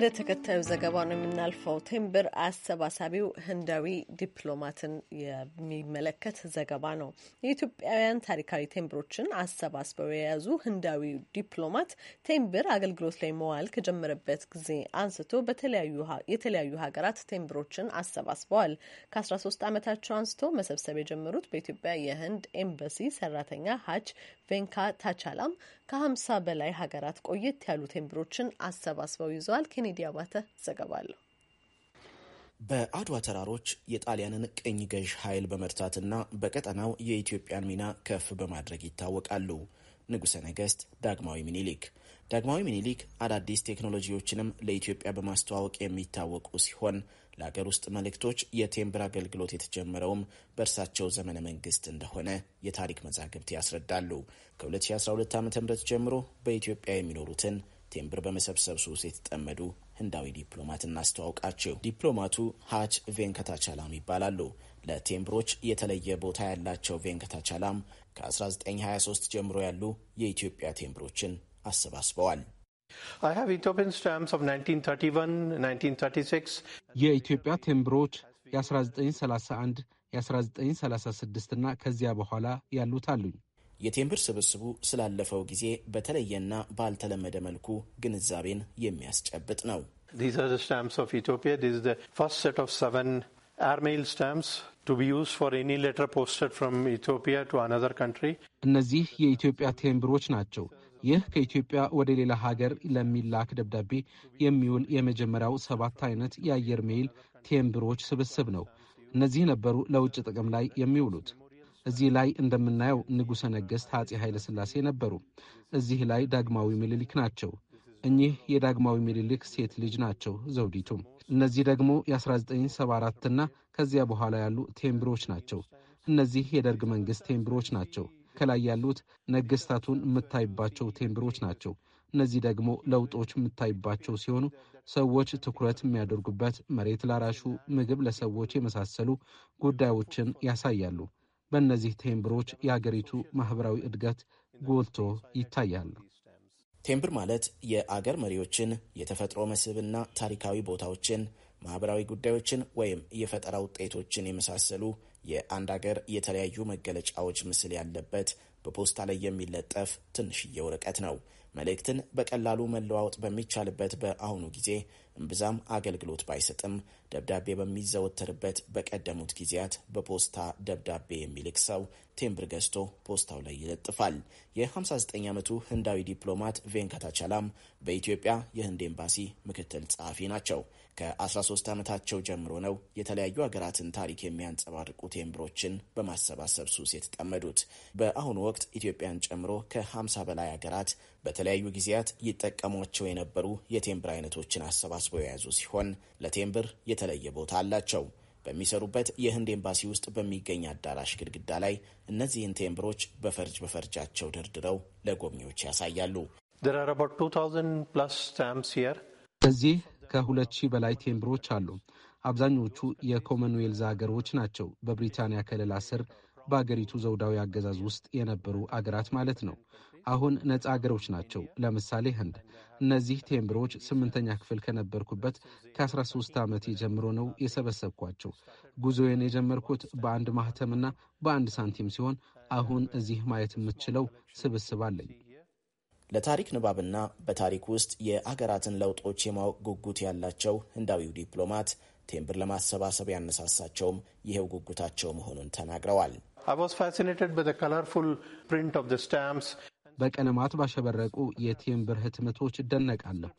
ወደ ተከታዩ ዘገባ ነው የምናልፈው። ቴምብር አሰባሳቢው ህንዳዊ ዲፕሎማትን የሚመለከት ዘገባ ነው። የኢትዮጵያውያን ታሪካዊ ቴምብሮችን አሰባስበው የያዙ ህንዳዊ ዲፕሎማት ቴምብር አገልግሎት ላይ መዋል ከጀመረበት ጊዜ አንስቶ የተለያዩ ሀገራት ቴምብሮችን አሰባስበዋል። ከ13 ዓመታቸው አንስቶ መሰብሰብ የጀመሩት በኢትዮጵያ የህንድ ኤምባሲ ሰራተኛ ሀጅ ቬንካ ታቻላም ከሀምሳ በላይ ሀገራት ቆየት ያሉ ቴምብሮችን አሰባስበው ይዘዋል። ኬኔዲ አባተ ዘገባለሁ። በአድዋ ተራሮች የጣሊያንን ቅኝ ገዥ ኃይል በመርታትና በቀጠናው የኢትዮጵያን ሚና ከፍ በማድረግ ይታወቃሉ ንጉሠ ነገሥት ዳግማዊ ሚኒሊክ። ዳግማዊ ሚኒሊክ አዳዲስ ቴክኖሎጂዎችንም ለኢትዮጵያ በማስተዋወቅ የሚታወቁ ሲሆን ለአገር ውስጥ መልእክቶች የቴምብር አገልግሎት የተጀመረውም በእርሳቸው ዘመነ መንግስት እንደሆነ የታሪክ መዛግብት ያስረዳሉ። ከ2012 ዓ ም ጀምሮ በኢትዮጵያ የሚኖሩትን ቴምብር በመሰብሰብ ሱስ የተጠመዱ ህንዳዊ ዲፕሎማት እናስተዋውቃቸው። ዲፕሎማቱ ሀች ቬንከታቻላም ይባላሉ። ለቴምብሮች የተለየ ቦታ ያላቸው ቬንከታቻላም ከ1923 ጀምሮ ያሉ የኢትዮጵያ ቴምብሮችን አሰባስበዋል። የኢትዮጵያ ቴምብሮች የ1931 የ1936 ና ከዚያ በኋላ ያሉት አሉኝ። የቴምብር ስብስቡ ስላለፈው ጊዜ በተለየና ባልተለመደ መልኩ ግንዛቤን የሚያስጨብጥ ነው። እነዚህ የኢትዮጵያ ቴምብሮች ናቸው። ይህ ከኢትዮጵያ ወደ ሌላ ሀገር ለሚላክ ደብዳቤ የሚውል የመጀመሪያው ሰባት አይነት የአየር ሜይል ቴምብሮች ስብስብ ነው። እነዚህ ነበሩ ለውጭ ጥቅም ላይ የሚውሉት። እዚህ ላይ እንደምናየው ንጉሠ ነገሥት አፄ ኃይለ ሥላሴ ነበሩ። እዚህ ላይ ዳግማዊ ምኒልክ ናቸው። እኚህ የዳግማዊ ምኒልክ ሴት ልጅ ናቸው ዘውዲቱ። እነዚህ ደግሞ የ1974 ና ከዚያ በኋላ ያሉ ቴምብሮች ናቸው። እነዚህ የደርግ መንግሥት ቴምብሮች ናቸው። ከላይ ያሉት ነገስታቱን የምታይባቸው ቴምብሮች ናቸው። እነዚህ ደግሞ ለውጦች የምታይባቸው ሲሆኑ ሰዎች ትኩረት የሚያደርጉበት መሬት ላራሹ፣ ምግብ ለሰዎች የመሳሰሉ ጉዳዮችን ያሳያሉ። በእነዚህ ቴምብሮች የአገሪቱ ማህበራዊ እድገት ጎልቶ ይታያል። ቴምብር ማለት የአገር መሪዎችን፣ የተፈጥሮ መስህብና ታሪካዊ ቦታዎችን፣ ማህበራዊ ጉዳዮችን ወይም የፈጠራ ውጤቶችን የመሳሰሉ የአንድ አገር የተለያዩ መገለጫዎች ምስል ያለበት በፖስታ ላይ የሚለጠፍ ትንሽዬ ወረቀት ነው። መልእክትን በቀላሉ መለዋወጥ በሚቻልበት በአሁኑ ጊዜ እምብዛም አገልግሎት ባይሰጥም ደብዳቤ በሚዘወተርበት በቀደሙት ጊዜያት በፖስታ ደብዳቤ የሚልክ ሰው ቴምብር ገዝቶ ፖስታው ላይ ይለጥፋል። የ59 ዓመቱ ህንዳዊ ዲፕሎማት ቬንካታቻላም በኢትዮጵያ የህንድ ኤምባሲ ምክትል ጸሐፊ ናቸው። ከ13 ዓመታቸው ጀምሮ ነው የተለያዩ ሀገራትን ታሪክ የሚያንጸባርቁ ቴምብሮችን በማሰባሰብ ሱስ የተጠመዱት። በአሁኑ ወቅት ኢትዮጵያን ጨምሮ ከ50 በላይ ሀገራት በተለያዩ ጊዜያት ይጠቀሟቸው የነበሩ የቴምብር አይነቶችን አሰባስበው የያዙ ሲሆን ለቴምብር የተለየ ቦታ አላቸው። በሚሰሩበት የህንድ ኤምባሲ ውስጥ በሚገኝ አዳራሽ ግድግዳ ላይ እነዚህን ቴምብሮች በፈርጅ በፈርጃቸው ደርድረው ለጎብኚዎች ያሳያሉ። እዚህ ከሁለት ሺህ በላይ ቴምብሮች አሉ። አብዛኞቹ የኮመንዌልዝ አገሮች ናቸው። በብሪታንያ ከለላ ስር በአገሪቱ ዘውዳዊ አገዛዝ ውስጥ የነበሩ አገራት ማለት ነው። አሁን ነፃ አገሮች ናቸው። ለምሳሌ ህንድ። እነዚህ ቴምብሮች ስምንተኛ ክፍል ከነበርኩበት ከ13 ዓመት ጀምሮ ነው የሰበሰብኳቸው። ጉዞዬን የጀመርኩት በአንድ ማህተምና በአንድ ሳንቲም ሲሆን አሁን እዚህ ማየት የምትችለው ስብስብ አለኝ። ለታሪክ ንባብና በታሪክ ውስጥ የአገራትን ለውጦች የማወቅ ጉጉት ያላቸው ህንዳዊው ዲፕሎማት ቴምብር ለማሰባሰብ ያነሳሳቸውም ይኸው ጉጉታቸው መሆኑን ተናግረዋል። በቀለማት ባሸበረቁ የቴምብር ህትመቶች እደነቃለሁ።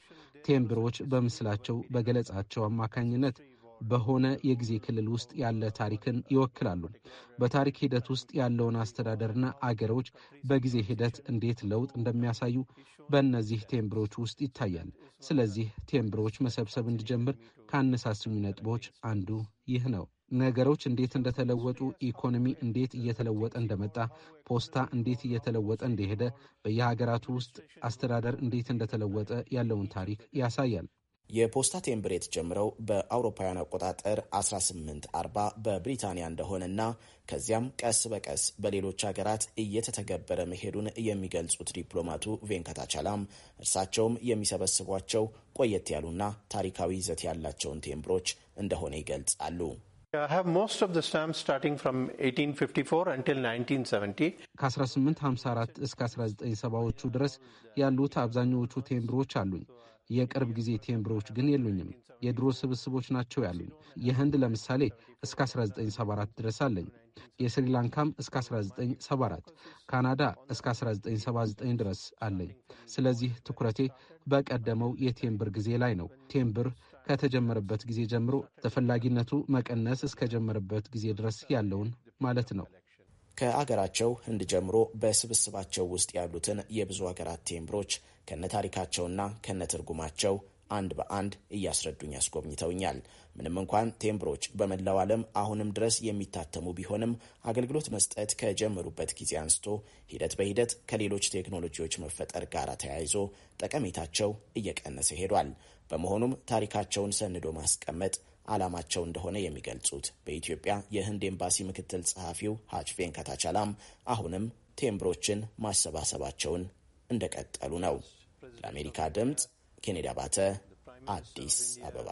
ቴምብሮች በምስላቸው፣ በገለጻቸው አማካኝነት በሆነ የጊዜ ክልል ውስጥ ያለ ታሪክን ይወክላሉ። በታሪክ ሂደት ውስጥ ያለውን አስተዳደርና አገሮች በጊዜ ሂደት እንዴት ለውጥ እንደሚያሳዩ በእነዚህ ቴምብሮች ውስጥ ይታያል። ስለዚህ ቴምብሮች መሰብሰብ እንድጀምር ካነሳሱኝ ነጥቦች አንዱ ይህ ነው። ነገሮች እንዴት እንደተለወጡ፣ ኢኮኖሚ እንዴት እየተለወጠ እንደመጣ፣ ፖስታ እንዴት እየተለወጠ እንደሄደ፣ በየሀገራቱ ውስጥ አስተዳደር እንዴት እንደተለወጠ ያለውን ታሪክ ያሳያል። የፖስታ ቴምብር የተጀመረው በአውሮፓውያን አቆጣጠር 1840 በብሪታንያ እንደሆነና ከዚያም ቀስ በቀስ በሌሎች ሀገራት እየተተገበረ መሄዱን የሚገልጹት ዲፕሎማቱ ቬንካታቻላም እርሳቸውም የሚሰበስቧቸው ቆየት ያሉና ታሪካዊ ይዘት ያላቸውን ቴምብሮች እንደሆነ ይገልጻሉ። ከ1854 እስከ 1970ዎቹ ድረስ ያሉት አብዛኛዎቹ ቴምብሮች አሉኝ። የቅርብ ጊዜ ቴምብሮች ግን የሉኝም። የድሮ ስብስቦች ናቸው ያሉኝ። የህንድ ለምሳሌ እስከ 1974 ድረስ አለኝ። የስሪላንካም እስከ 1974፣ ካናዳ እስከ 1979 ድረስ አለኝ። ስለዚህ ትኩረቴ በቀደመው የቴምብር ጊዜ ላይ ነው። ቴምብር ከተጀመረበት ጊዜ ጀምሮ ተፈላጊነቱ መቀነስ እስከጀመረበት ጊዜ ድረስ ያለውን ማለት ነው። ከአገራቸው ህንድ ጀምሮ በስብስባቸው ውስጥ ያሉትን የብዙ ሀገራት ቴምብሮች ከነ ከነ ትርጉማቸው አንድ በአንድ እያስረዱኝ ያስጎብኝተውኛል። ምንም እንኳን ቴምብሮች በመላው ዓለም አሁንም ድረስ የሚታተሙ ቢሆንም አገልግሎት መስጠት ከጀመሩበት ጊዜ አንስቶ ሂደት በሂደት ከሌሎች ቴክኖሎጂዎች መፈጠር ጋር ተያይዞ ጠቀሜታቸው እየቀነሰ ሄዷል። በመሆኑም ታሪካቸውን ሰንዶ ማስቀመጥ ዓላማቸው እንደሆነ የሚገልጹት በኢትዮጵያ የህንድ ኤምባሲ ምክትል ጸሐፊው ሀችፌን ከታቻላም አሁንም ቴምብሮችን ማሰባሰባቸውን እንደቀጠሉ ነው። ለአሜሪካ ድምፅ ኬኔዲ አባተ አዲስ አበባ።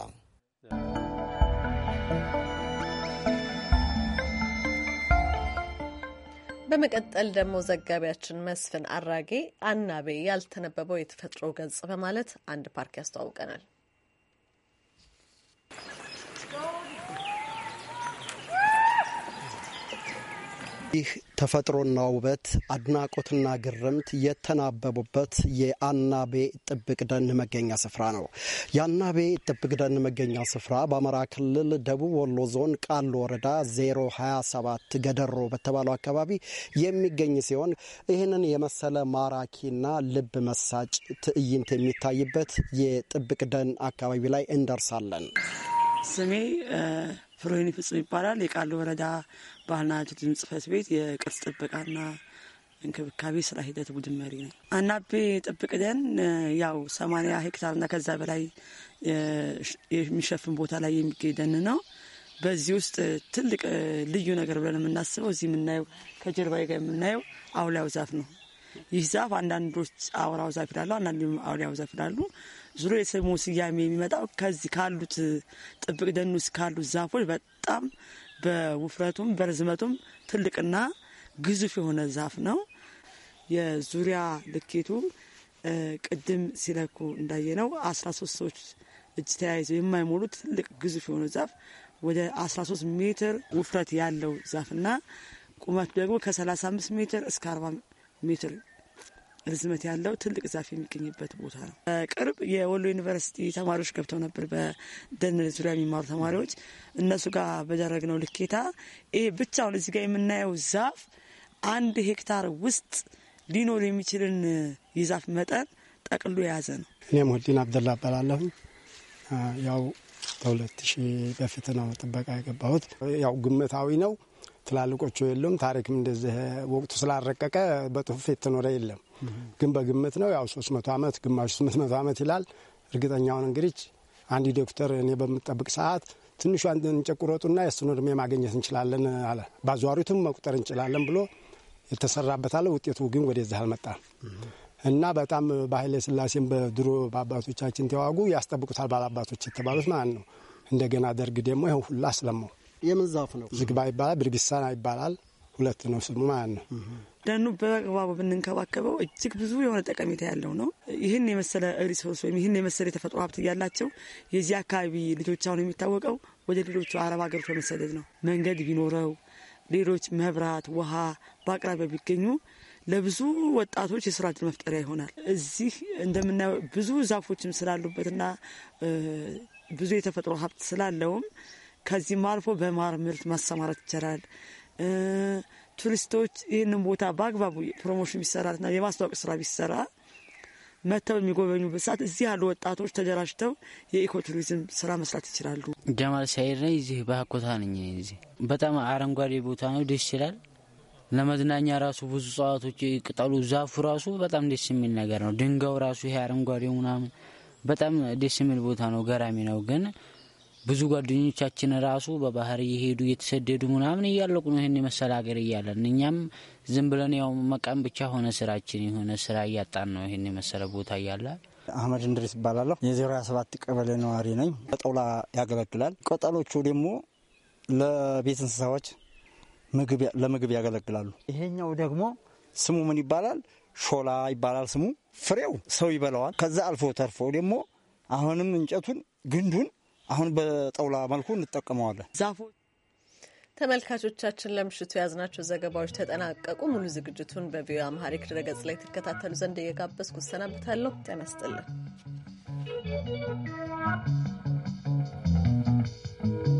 በመቀጠል ደግሞ ዘጋቢያችን መስፍን አራጌ አናቤ ያልተነበበው የተፈጥሮ ገጽ በማለት አንድ ፓርክ ያስተዋውቀናል። ይህ ተፈጥሮና ውበት አድናቆትና ግርምት የተናበቡበት የአናቤ ጥብቅ ደን መገኛ ስፍራ ነው። የአናቤ ጥብቅ ደን መገኛ ስፍራ በአማራ ክልል ደቡብ ወሎ ዞን ቃሉ ወረዳ 027 ገደሮ በተባለው አካባቢ የሚገኝ ሲሆን ይህንን የመሰለ ማራኪና ልብ መሳጭ ትዕይንት የሚታይበት የጥብቅ ደን አካባቢ ላይ እንደርሳለን። ስሜ ፍሮይን ፍጹም ይባላል። የቃሉ ወረዳ ባህልና ቱሪዝም ጽፈት ቤት የቅርስ ጥበቃና እንክብካቤ ስራ ሂደት ቡድን መሪ ነው። አናቤ ጥብቅ ደን ያው ሰማንያ ሄክታርና ከዛ በላይ የሚሸፍን ቦታ ላይ የሚገኝ ደን ነው። በዚህ ውስጥ ትልቅ ልዩ ነገር ብለን የምናስበው እዚህ የምናየው ከጀርባ ጋር የምናየው አውላው ዛፍ ነው። ይህ ዛፍ አንዳንዶች አውራው ዛፍ ይላሉ፣ አንዳንድ አውሪያው ዛፍ ይላሉ። ዙሮ የስሙ ስያሜ የሚመጣው ከዚህ ካሉት ጥብቅ ደን ውስጥ ካሉት ዛፎች በጣም በውፍረቱም በርዝመቱም ትልቅና ግዙፍ የሆነ ዛፍ ነው። የዙሪያ ልኬቱ ቅድም ሲለኩ እንዳየነው አስራ ሶስት ሰዎች እጅ ተያይዘው የማይሞሉት ትልቅ ግዙፍ የሆነ ዛፍ ወደ 13 ሜትር ውፍረት ያለው ዛፍና ቁመት ደግሞ ከ35 ሜትር እስከ 40 ሜትር ርዝመት ያለው ትልቅ ዛፍ የሚገኝበት ቦታ ነው። በቅርብ የወሎ ዩኒቨርሲቲ ተማሪዎች ገብተው ነበር፣ በደን ዙሪያ የሚማሩ ተማሪዎች። እነሱ ጋር በደረግነው ልኬታ ይሄ ብቻውን እዚህ ጋር የምናየው ዛፍ አንድ ሄክታር ውስጥ ሊኖር የሚችልን የዛፍ መጠን ጠቅሎ የያዘ ነው። እኔ ሙህዲን አብደላ እባላለሁ። ያው በሁለት ሺህ በፊት ነው ጥበቃ የገባሁት። ያው ግምታዊ ነው ትላልቆቹ የሉም። ታሪክም እንደዚህ ወቅቱ ስላረቀቀ በጽሁፍ የተኖረ የለም። ግን በግምት ነው ያው ሶስት መቶ ዓመት ግማሹ ስምንት መቶ ዓመት ይላል። እርግጠኛውን እንግዲህ አንድ ዶክተር እኔ በምጠብቅ ሰዓት ትንሹ አንድን ጨቁረጡና የእሱን እድሜ ማግኘት እንችላለን አለ። ባዟሪቱም መቁጠር እንችላለን ብሎ የተሰራበታለ ውጤቱ ግን ወደዚህ አልመጣም እና በጣም በኃይለ ስላሴን በድሮ በአባቶቻችን ተዋጉ ያስጠብቁታል ባላባቶች የተባሉት ማለት ነው። እንደገና ደርግ ደግሞ ይኸው ሁላ ስለመው የምን ዛፍ ነው? ዝግባ ይባላል። ብርቢሳና ይባላል። ሁለት ነው ስሙ ማለት ነው። ደኑ በአግባቡ ብንንከባከበው እጅግ ብዙ የሆነ ጠቀሜታ ያለው ነው። ይህን የመሰለ ሪሶርስ ወይም ይህን የመሰለ የተፈጥሮ ሀብት እያላቸው የዚህ አካባቢ ልጆች አሁን የሚታወቀው ወደ ሌሎቹ አረብ ሀገሮች በመሰደድ ነው። መንገድ ቢኖረው ሌሎች መብራት፣ ውሃ በአቅራቢያ ቢገኙ ለብዙ ወጣቶች የስራ እድል መፍጠሪያ ይሆናል። እዚህ እንደምናየው ብዙ ዛፎችም ስላሉበትና ብዙ የተፈጥሮ ሀብት ስላለውም ከዚህም አልፎ በማር ምርት ማሰማራት ይቻላል። ቱሪስቶች ይህንን ቦታ በአግባቡ ፕሮሞሽን ቢሰራልና የማስታወቅ ስራ ቢሰራ መጥተው የሚጎበኙ በሳት እዚህ ያሉ ወጣቶች ተደራጅተው የኢኮ ቱሪዝም ስራ መስራት ይችላሉ። ጀማል ሳይድ ነኝ። እዚህ ባህኮታ ነኝ። እዚህ በጣም አረንጓዴ ቦታ ነው፣ ደስ ይላል። ለመዝናኛ ራሱ ብዙ እጽዋቶች ቅጠሉ፣ ዛፉ ራሱ በጣም ደስ የሚል ነገር ነው። ድንጋዩ ራሱ ይሄ አረንጓዴው ምናምን በጣም ደስ የሚል ቦታ ነው፣ ገራሚ ነው ግን ብዙ ጓደኞቻችን ራሱ በባህር እየሄዱ እየተሰደዱ ምናምን እያለቁ ነው ይህን የመሰለ ሀገር እያለን እኛም ዝም ብለን ያው መቀም ብቻ ሆነ ስራችን የሆነ ስራ እያጣን ነው ይህን የመሰለ ቦታ እያለ አህመድ እንድሪስ ይባላለሁ። የዜሮ ሰባት ቀበሌ ነዋሪ ነኝ። በጠውላ ያገለግላል። ቅጠሎቹ ደግሞ ለቤት እንስሳዎች ለምግብ ያገለግላሉ። ይሄኛው ደግሞ ስሙ ምን ይባላል? ሾላ ይባላል ስሙ። ፍሬው ሰው ይበላዋል። ከዛ አልፎ ተርፎ ደግሞ አሁንም እንጨቱን ግንዱን አሁን በጠውላ መልኩ እንጠቀመዋለን። ዛፎች ተመልካቾቻችን ለምሽቱ የያዝናቸው ዘገባዎች ተጠናቀቁ። ሙሉ ዝግጅቱን በቪኦኤ አማሪክ ድረገጽ ላይ ትከታተሉ ዘንድ እየጋበዝኩ ሰናብታለሁ ጤና ይስጥልን።